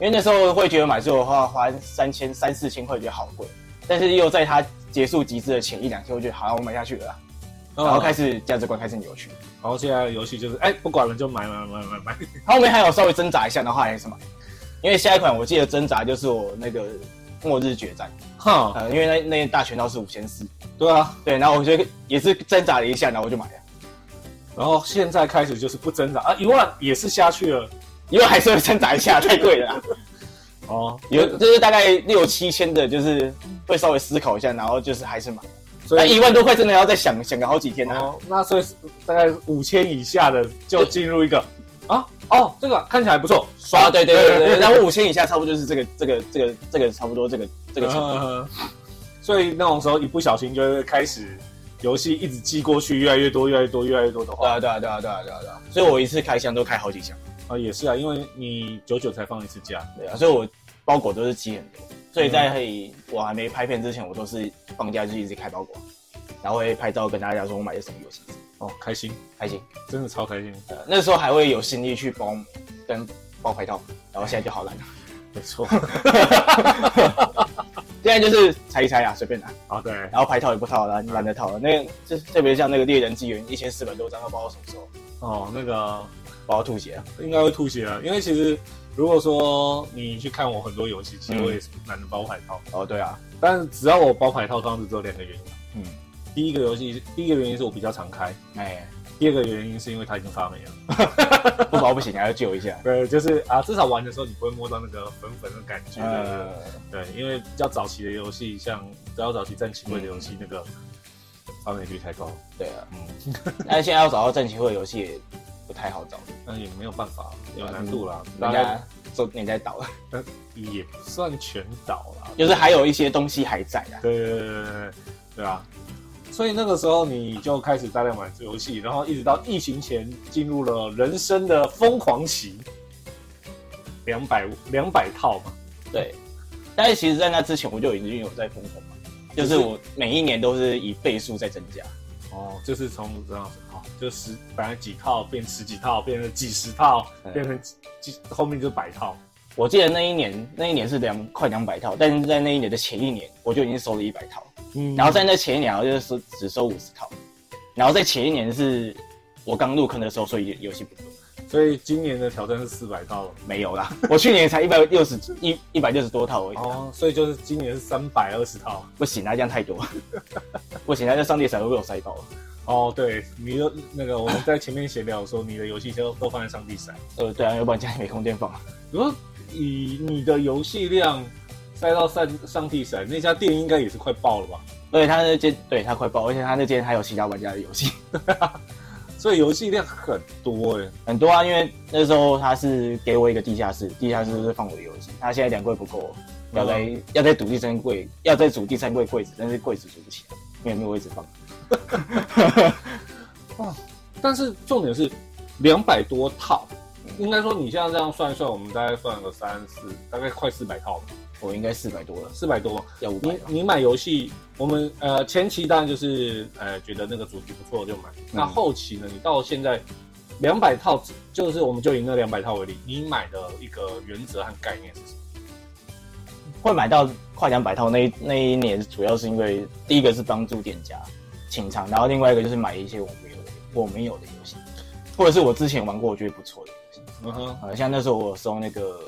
因為那時候會覺得買錯的話，花三千三四千塊覺得好貴，但是又在它結束集資的前一兩天，我覺得好，啊，我買下去了啦，嗯、然後開始價值觀開始扭曲。然後、哦、現在遊戲就是，哎、欸，不管了，就買買買買買。買買買，後面還有稍微掙扎一下的話，還是買？因為下一款我記得掙扎就是我那個。末日決戰，哼哈、呃，因為那那個，大拳套是五千四，對啊，對，然後我就也是掙扎了一下，然後我就買了，然後現在開始就是不掙扎啊，一萬也是下去了，一萬還是會掙扎一下， (laughs) 太貴了，哦，有就是大概六七千的，就是會稍微思考一下，然後就是還是買了，所以一萬多塊真的要再想想個好幾天、啊、哦。那所以是大概五千以下的就進入一個。 (laughs) 啊哦，這個、啊、看起來不錯，刷、啊、對，對對對對，然後五千以下，差不多就是這個這個這個這個差不多這個這個程度、啊、 (laughs) 所以那種時候一不小心就會開始遊戲一直寄過去，越來越多越來越多越來越多的話，對啊對啊對啊對啊，對啊，對，啊對啊，所以我一次開箱都開好幾箱啊也是啊，因為你久久才放一次假，對啊，所以我包裹都是積很多，所以在、嗯、我還沒拍片之前，我都是放假就一直開包裹，然後會拍照跟大家說我買的什麼遊戲。哦，開心，開心、嗯，真的超開心、呃。那時候還會有心力去包，跟包牌套，然後現在就好懶了。沒錯錯， (laughs) 現在就是猜一猜啊，隨便拿。啊、哦，對。然後牌套也不套了，懶得套了。那個、就特別像那個獵人紀元，一千四百多張要包到什麼時候？哦，那個包吐血對應該會吐血啊。因為其實如果說你去看我很多遊戲，其實我也懶得包牌套。嗯、哦，對啊。但是只要我包牌套，當時只有兩個原因。嗯。第一個遊戲，第一個原因是我比較常開，哎、欸。第二個原因是因為它已經發霉了， (laughs) 不包不行，你還要救一下。對，就是啊，至少玩的時候你不會摸到那個粉粉的感覺。嗯、對，對，因為比較早期的遊戲，像比較早期戰棋類的遊戲，嗯、那個發霉率太高。對啊，嗯。但，現在要找到戰棋類的遊戲也不太好找，那也沒有辦法，有難度啦。大、嗯、家都你在倒了，也不算全倒了，就是還有一些東西還在啊。對對對對對。對啊。所以那個時候你就開始大量買遊戲，然後一直到疫情前進入了人生的瘋狂期，兩百兩百套嘛，對。但是其實，在那之前我就已經有在瘋狂嘛，就是、就是我每一年都是以倍數在增加。哦，就是從這樣，好、哦，就十本來幾套變十幾套，變成幾十套，嗯、變成幾後面就百套。我記得那一年，那一年是兩快兩百套，但是在那一年的前一年，我就已經收了一百套。嗯、然後在那前一年，然後就是只收五十套，然後在前一年是我剛入坑的時候，所以遊戲不多。所以今年的挑戰是四百套沒有啦，我去年才 160, (laughs) 一百六十一一百六十多套而已。哦，所以就是今年是三百二十套，不行啊，這樣太多， (laughs) 不行啊，那上帝傘都被我塞到了。哦，對，你的那個我們在前面閒聊說 (laughs) 你的遊戲都都放在上帝傘。呃，對啊，要不然家裡沒空間放。如果以你的遊戲量。再到上上地神那家店，應該也是快爆了吧？對，他那間對，他快爆，而且他那間還有其他玩家的遊戲， (laughs) 所以遊戲量很多的、欸，很多啊！因為那時候他是給我一個地下室，地下室是放我的遊戲。他現在兩櫃不夠，要再，嗯、要再賭第三櫃，要再賭第三櫃櫃子，但是櫃子租不起來，沒有沒有位置放。 (laughs) (laughs) 但是重點是兩百多套，嗯、應該說你像這樣算一算，我們大概算個三四，4, 大概快四百套了。我應該四百多了，四百多了要五百。你你買遊戲，我們呃前期當然就是呃覺得那個主題不錯就買。嗯、那後期呢？你到現在兩百套，就是我們就以那兩百套為例，你買的一個原則和概念是什麼？會買到快兩百套那那一年，主要是因為第一個是幫助店家清倉，然後另外一個就是買一些我沒有的我沒有的遊戲，或者是我之前玩過我覺得不錯的遊戲。嗯哼、呃，像那時候我收那個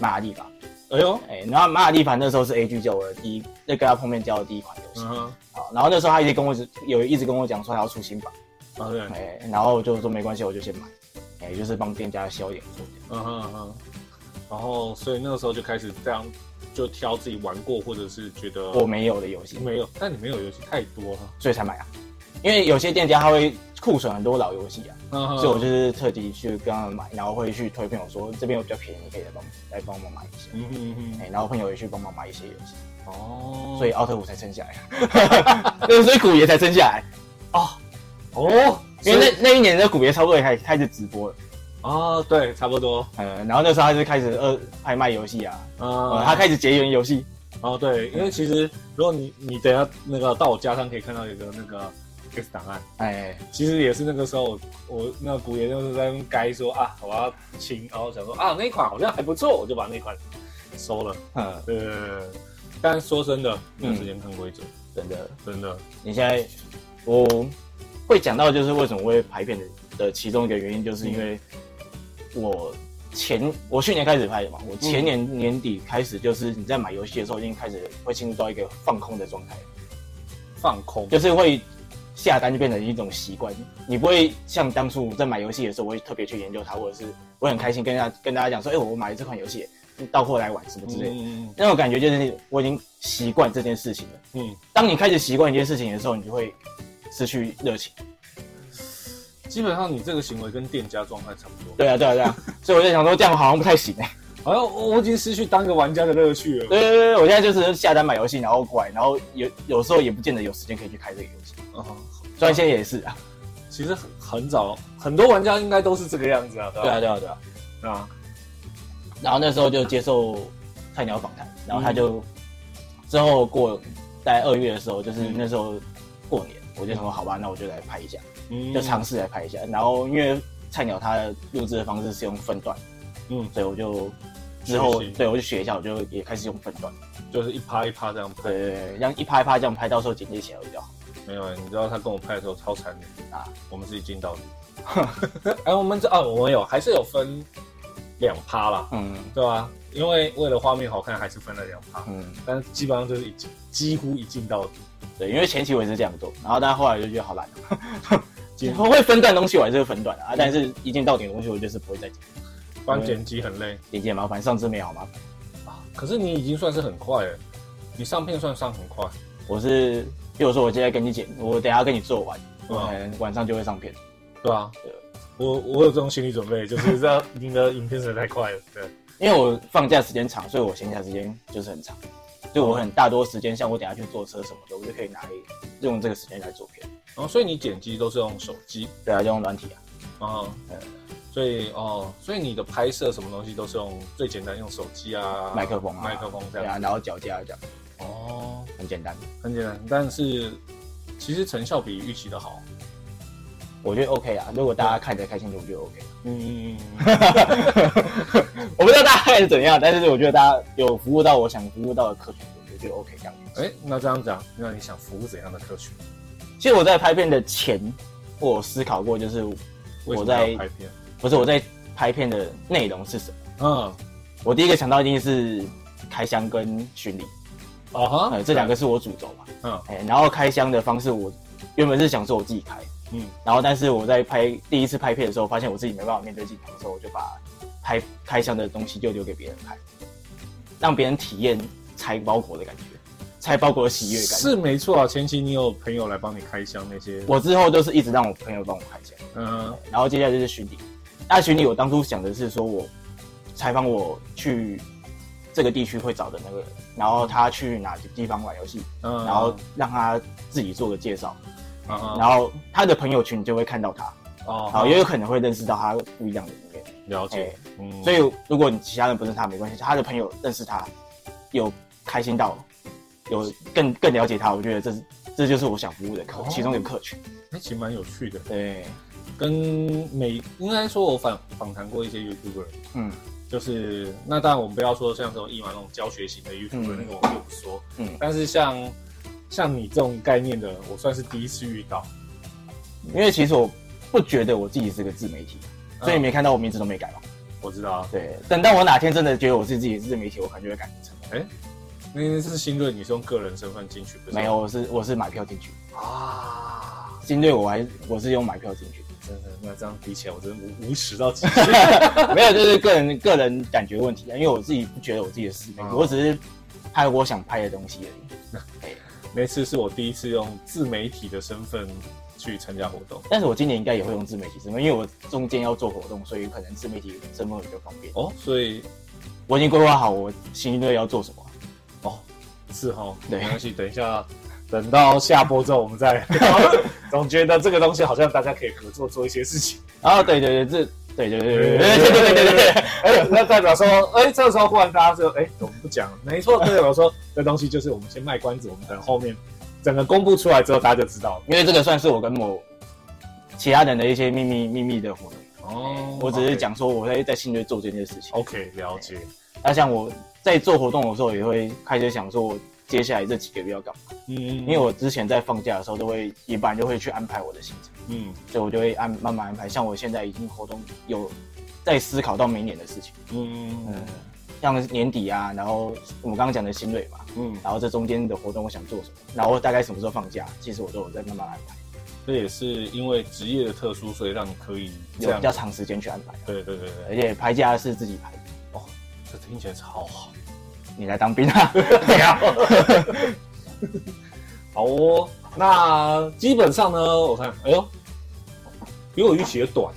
瑪麗吧。對哎呦，哎，然後瑪雅蒂盤那時候是 A G 叫我的第一，那跟、個、他碰面交的第一款遊戲，嗯、哼好，然後那時候他一直跟我有一直跟我講說他要出新版，啊對，哎，然後我就說沒關係，我就先買，哎，就是幫店家消點嗯哼，然後所以那個時候就開始這樣，就挑自己玩過或者是覺得我沒有的遊戲，沒有，但你沒有遊戲太多了，所以才買啊。因為有些店家他會庫存很多老遊戲啊，所以我就是特地去跟他們買，然後會去推朋友說這邊有比較便宜一點的東西，來幫忙買一些。嗯，然後朋友也去幫忙買一些遊戲。哦，所以奧特五才撐下來，哈哈哈，所以古爺才撐下來。哦，哦，因為那那一年的古爺差不多也開開始直播了。哦，對，差不多。嗯，然後那時候他就開始二拍賣遊戲啊，他開始結緣遊戲。哦，對，因為其實如果你你等下那個到我架上可以看到有個那個。X 檔案，哎,哎，其實也是那個時候我，我那古爺就是在跟該說啊，我要清，然後想說啊，那一款好像還不錯，我就把那一款收了。嗯呵，對,對,對。但說真的、嗯、真的，沒有時間看規則，真的，真的。你現在，我會講到就是為什麼會拍片的，的其中一個原因就是因為，我前我去年開始拍的嘛，我前年、嗯、年底開始，就是你在買遊戲的時候已經開始會進入到一個放空的狀態，放空就是會。下單就變成一種習慣，你不會像當初在買遊戲的時候，我會特別去研究它，或者是我很開心跟大跟大家講說，哎、欸，我我買了這款遊戲，到貨來玩什麼之類，嗯嗯嗯，那種感覺就是我已經習慣這件事情了。嗯，當你開始習慣一件事情的時候，你就會失去熱情。基本上你這個行為跟店家狀態差不多。對啊，對啊，對啊， (laughs) 所以我在想說，這樣好像不太行哎，好像我已經失去當個玩家的樂趣了。對，對對對，我現在就是下單買遊戲，然後過來，然後有有時候也不見得有時間可以去開這個遊戲。專線也是啊，啊其實很很早，很多玩家應該都是這個樣子啊。對，對啊，啊、對啊，對啊。然後那時候就接受菜鳥訪談，嗯、然後他就之後過在二月的時候，就是那時候過年，嗯、我就說好吧，那我就來拍一下，嗯、就嘗試來拍一下。然後因為菜鳥它錄製的方式是用分段，嗯，所以我就之後行行對我就學一下，我就也開始用分段，就是一趴一趴這樣拍，對對對，讓一趴一趴這樣拍，到時候剪輯起來比較好。沒有，你知道他跟我拍的時候超殘忍的啊！我們是一鏡到底。 (laughs) 哎，我們這啊，我們有還是有分兩趴啦。嗯，對啊，因為為了畫面好看，還是分了兩趴。嗯，但基本上就是一幾乎一鏡到底。對，因為前期我也是這樣做，然後大家後來就覺得好爛。乎我會分段東西，我還是會分段的啊、嗯、啊，但是一鏡到底的東西，我就是不會再班 為剪。光剪輯很累，剪輯很麻煩。上次沒有好麻煩、啊、可是你已經算是很快了，你上片算上很快。嗯、我是。比如說我現在跟你剪，我等下跟你做完，啊、嗯，晚上就會上片，對啊，對我我有這種心理準備， (laughs) 就是知道你的影片實在太快了，對，因為我放假時間長，所以我閒暇時間就是很長，就我很大多時間，哦、像我等下去坐車什麼的，我就可以拿用這個時間來做片，然哦，所以你剪輯都是用手機，對啊，用軟體啊，哦，嗯，所以哦，所以你的拍攝什麼東西都是用最簡單，用手機啊，麥克風、啊，麥克風這樣、啊，對啊，然後腳架、啊、這樣。很簡單的很簡單，但是其實成效比預期的好。我覺得 OK 啊，如果大家看得開心，就覺得 OK 嗯嗯嗯， (laughs) (laughs) 我不知道大概是怎樣，但是我覺得大家有服務到我想服務到的客群，我覺得就 OK 了。哎、欸，那這樣講，那你想服務怎樣的客群？其實我在拍片的前，我有思考過，就是我在拍片，不是我在拍片的內容是什麼？嗯，我第一個想到一定是開箱跟巡禮。哦哈，呃，這兩個是我主軸吧。嗯、uh，哎、huh.，然後開箱的方式，我原本是想說我自己開。嗯，然後，但是我在拍第一次拍片的時候，發現我自己沒辦法面對鏡頭的時候，我就把拍開箱的東西就留給別人拍，讓別人體驗拆包裹的感覺，拆包裹的喜悅的感覺。是沒錯啊，前期你有朋友來幫你開箱那些，我之後就是一直讓我朋友幫我開箱。嗯、uh，huh. 然後接下來就是巡禮，那巡禮我當初想的是說我，我採訪我去這個地區會找的那個人。然後他去哪個地方玩遊戲，嗯、然後讓他自己做個介紹，然後他的朋友群就會看到他，嗯、也有可能會認識到他不一樣的一面。了解。欸、嗯，所以如果你其他人不認識他沒關係，他的朋友認識他，有開心到，有更更了解他，我覺得這這就是我想服務的客、哦、其中有客群，那其實蠻有趣的。對，跟每應該說我訪訪談過一些 YouTuber，嗯。就是，那當然我們不要說像這種一般那種教學型的 YouTube 那個，嗯、我就不說。嗯，但是像像你這種概念的，我算是第一次遇到。因為其實我不覺得我自己是個自媒體，嗯、所以沒看到我名字都沒改嘛。我知道。對，等到我哪天真的覺得我是自己自媒體，我可能就會改成，成。哎、欸，那天是新銳，你是用個人身份進去？不是？沒有，我是我是買票進去。啊，新銳，我還是我是用買票進去。真的，那這樣比起來，我真的無無恥到極限。 (laughs) 沒有，就是個人個人感覺問題啊，因為我自己不覺得我自己的事情，嗯、我只是拍我想拍的東西而已。嗯、對，每次是我第一次用自媒體的身份去參加活動，但是我今年應該也會用自媒體身份，因為我中間要做活動，所以可能自媒體身份比較方便。哦，所以我已經規劃好我新一隊要做什麼、啊。哦，是哦，對沒關係，等一下。等到下播之後，我們再聊。 (laughs) (laughs) 總覺得這個東西好像大家可以合作做一些事情。啊、哦，對對對，這，對對對對對對對對。哎，那代表說，哎、欸，這個、時候忽然大家就，哎、欸，我們不講了。沒錯，對，我說這東西就是我們先賣關子，我們等後面整個公布出來之後，大家就知道了。因為這個算是我跟某其他人的一些秘密秘密的活動。哦。我只是講說，我會在在新銳做這件事情。哦、OK，了解。那像我在做活動的時候，也會開始想說。接下來這幾個月要幹嘛？嗯，因為我之前在放假的時候都會一般就會去安排我的行程，嗯，所以我就會按慢慢安排。像我現在已經活動有在思考到明年的事情，嗯，嗯，像年底啊，然後我們剛剛講的新銳吧，嗯，然後這中間的活動我想做什麼，然後大概什麼時候放假，其實我都有在慢慢安排。這也是因為職業的特殊，所以讓你可以有比較長時間去安排。對對對對，而且排假是自己排的。哦，這聽起來超好。你來當兵啊？ (laughs) (laughs) 好哦。那基本上呢，我看，哎呦，比我預期的短，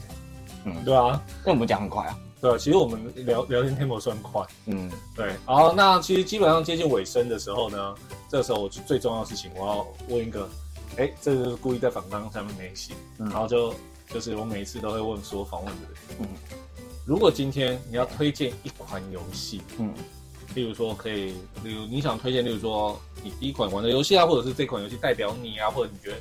嗯，對吧、啊？因為我們講很快啊，對，其實我們聊聊天，天不算快，嗯，對。然後那其實基本上接近尾聲的時候呢，這時候我就最重要的事情，我要問一個，哎，這就是故意在訪談上面沒戲，嗯、然後就就是我每一次都會問說訪問的人，嗯，如果今天你要推薦一款遊戲，嗯。例如說，可以，例如你想推薦，例如說你第一款玩的遊戲啊，或者是這款遊戲代表你啊，或者你覺得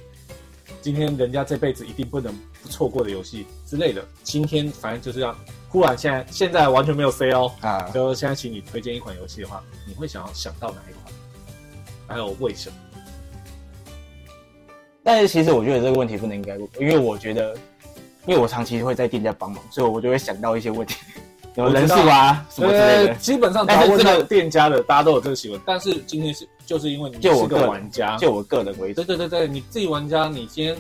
今天人家這輩子一定不能不錯過的遊戲之類的。今天反正就是要忽然現在現在完全沒有 C 哦。啊，所以現在請你推薦一款遊戲的話，你會想要想到哪一款，還有為什麼？但是其實我覺得這個問題不能應該，因為我覺得，因為我長期會在店家幫忙，所以我就會想到一些問題。有人數啊，什麼之類的。基本上，針對這個店家的，對對對，大家都有這個習慣。但是今天是，就是因為你是個玩家，就我個人為主，對對對對，你自己玩家，你今天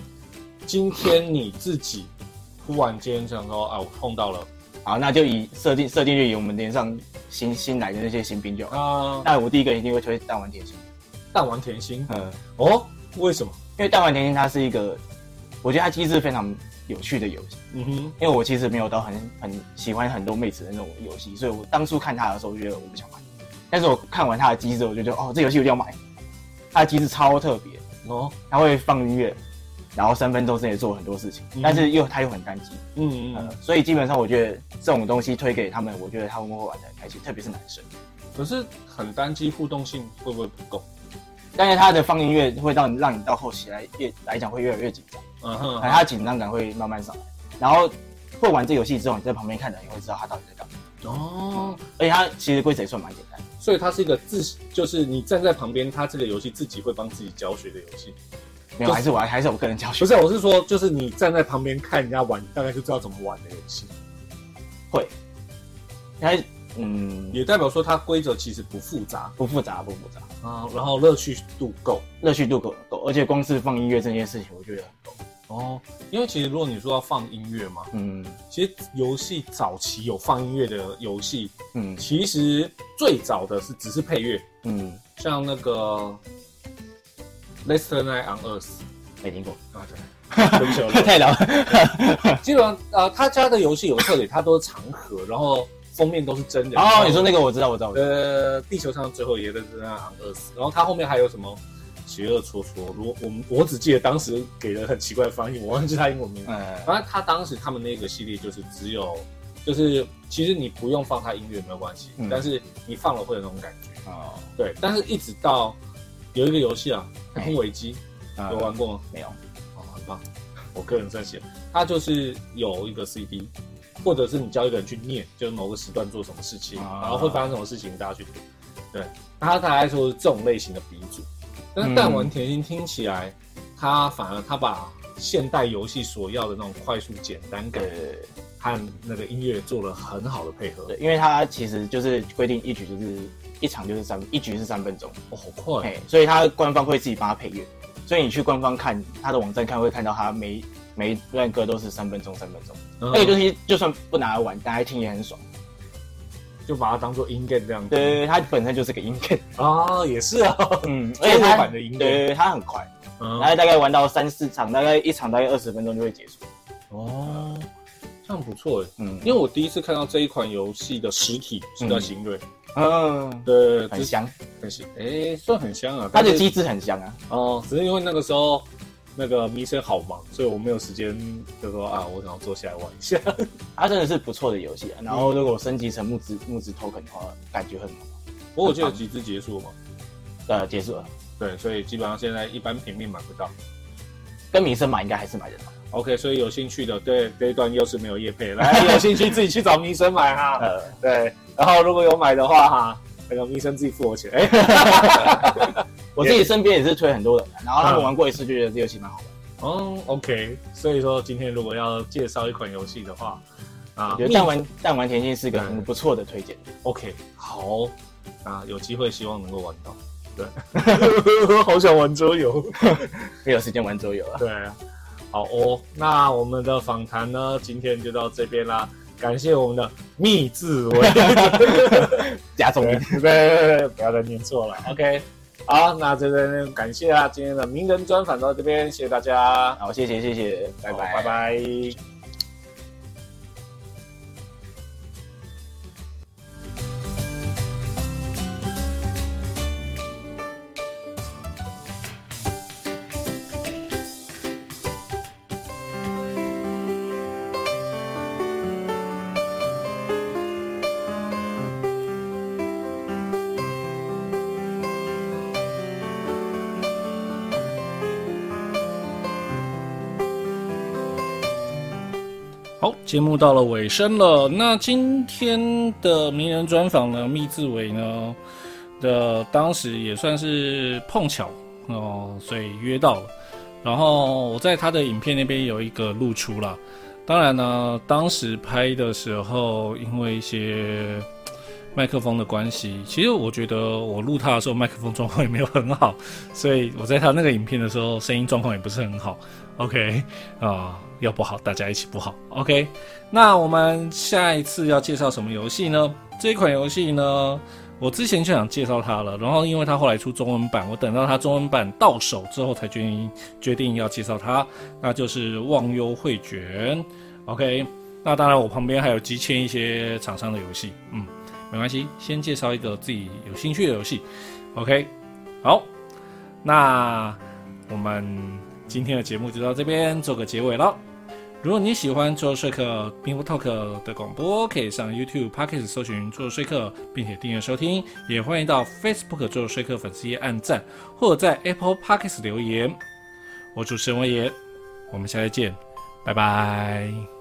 今天你自己 (laughs) 突然間想說啊，我碰到了，好，那就以設定設定就以我們店上新新來的那些新兵就好啊，嗯、那我第一個一定會推彈丸甜心，彈丸甜心，嗯，哦，為什麼？因為彈丸甜心它是一個，我覺得它機制非常。有趣的遊戲，嗯哼，因為我其實沒有到很很喜歡很多妹子的那種遊戲，所以我當初看他的的時候，覺得我不想玩。但是我看完它的機制，我就覺得，哦，這遊戲我就要買。它的機制超特別哦，它會放音樂，然後三分鐘之內做很多事情，但是又、嗯、它又很單機，嗯嗯，嗯、呃，所以基本上我覺得這種東西推給他們，我覺得他們會玩的很開心，特別是男生。可是很單機，互動性會不會不夠？但是它的放音樂會讓你讓你到後期來越來講會越來越緊張。嗯、啊、哼啊，然後他緊張感會慢慢上來，然後會玩這遊戲之後，你在旁邊看着，你會知道他到底在幹嘛。哦、嗯，而且它其實規則也算蠻簡單，所以它是一個自，就是你站在旁邊，它這個遊戲自己會幫自己教學的遊戲。沒有，就是、還是我，還是我個人教學。不是，我是說，就是你站在旁邊看人家玩，大概就知道怎麼玩的遊戲。會，因為嗯，也代表說它規則其實不複，不複雜，不複雜，不複雜。啊，然後樂趣度夠，樂趣度夠夠，而且光是放音樂這件事情，我覺得很夠。哦，因為其實如果你說要放音樂嘛，嗯，其實遊戲早期有放音樂的遊戲，嗯，其實最早的是只是配樂，嗯，像那個《Last Night on Earth》，沒聽過啊，真的，地球太太老了， (laughs) (laughs) 基本上啊、呃，他家的遊戲有個特點，他都是長盒， (laughs) 然後封面都是真人。哦，後你說那個我知道，我知道，呃，《地球上的最後一夜》在《Last Night on Earth》，然後他後面還有什麼？邪惡戳戳，我我們我只記得當時給了很奇怪的翻譯，我忘記他英文名。反正、哎哎、他當時他們那個系列就是只有，就是其實你不用放他音樂沒有關係，嗯、但是你放了會有那種感覺。哦，對，但是一直到有一個遊戲啊，嗯《太空危機》有玩過嗎？嗯、沒有，哦，很棒。我個人在寫，他就是有一個 CD，或者是你叫一個人去念，就是某個時段做什麼事情，嗯、然後會發生什麼事情，嗯、大家去讀。對，他大概說是這種類型的鼻祖。但是彈丸甜心聽起來，嗯、他反而他把現代遊戲所要的那種快速簡單感，和那個音樂做了很好的配合。對，因為他其實就是規定一局就是一場就是三一局是三分鐘，哦，好快！所以他官方會自己幫他配樂，所以你去官方看他的網站看，會看到他每，每一段歌都是三分鐘三分鐘。那個東西就算不拿來玩，大家聽也很爽。就把它當做 ingame 這樣子。對，它本身就是個 ingame 啊、哦，也是啊，嗯，而且它版的對它很快，然後、嗯、大概玩到三四場，大概一場大概二十分鐘就會結束。哦，這樣不錯誒，嗯，因為我第一次看到這一款遊戲的實體的形態。嗯，對對，很香，很香。誒，算很香啊，它的機制很香啊。哦、嗯，只是因為那個時候。那個迷生好忙，所以我沒有時間，就說啊，好我想要坐下來玩一下。它、啊、真的是不錯的遊戲、啊，然後如果升級成木質木質 token 的話，感覺很好。不過我覺得有集資結束嗎？呃、嗯，結束了。對，所以基本上現在一般平面買不到，跟迷生買應該還是買得到。OK，所以有興趣的，對這一段又是沒有業配，來有興趣自己去找迷生買哈、啊。呃， (laughs) 對。然後如果有買的話哈，那、啊、個迷生自己付我錢，欸哈哈哈我自己身邊也是推很多的，Yeah. 然後我玩過一次，就覺得這遊戲蠻好玩的。哦、oh，OK，所以說今天如果要介紹一款遊戲的話，啊，我覺得《彈丸彈甜心》是個很不錯的推薦。Yeah. OK，好，啊，有機會希望能夠玩到。對， (laughs) (laughs) 好想玩桌遊， (laughs) 沒有時間玩桌遊啊。對，好，哦，那我們的訪談呢，今天就到這邊啦。感謝我們的密字文，賈總，對對對，不要再念錯了。OK。好，那這邊感謝啊，今天的名人專訪到這邊，謝謝大家。好，謝謝，謝謝，拜拜，拜拜。拜拜。好，節目到了尾聲了。那今天的名人專訪呢，密子偉呢，的當時也算是碰巧哦，所以約到了。然後我在他的影片那邊有一個露出啦。當然呢，當時拍的時候，因為一些麥克風的關係，其實我覺得我錄他的時候，麥克風狀況也沒有很好，所以我在他那個影片的時候，聲音狀況也不是很好。OK 啊、哦。要不好，大家一起不好。OK，那我們下一次要介紹什麼遊戲呢？這一款遊戲呢，我之前就想介紹它了，然後因為它後來出中文版，我等到它中文版到手之後才決定決定要介紹它，那就是《忘憂繪卷》。OK，那當然我旁邊還有積欠一些廠商的遊戲，嗯，沒關係，先介紹一個自己有興趣的遊戲。OK，好，那我們今天的節目就到這邊做個結尾了。如果你喜歡桌遊說客，Meeple Talk 的廣播，可以上 YouTube、Podcast 搜尋桌遊說客，並且訂閱收聽。也歡迎到 Facebook 桌遊說客粉絲頁按讚，或者在 Apple Podcast 留言。我主持人王岩，我們下期見，拜拜。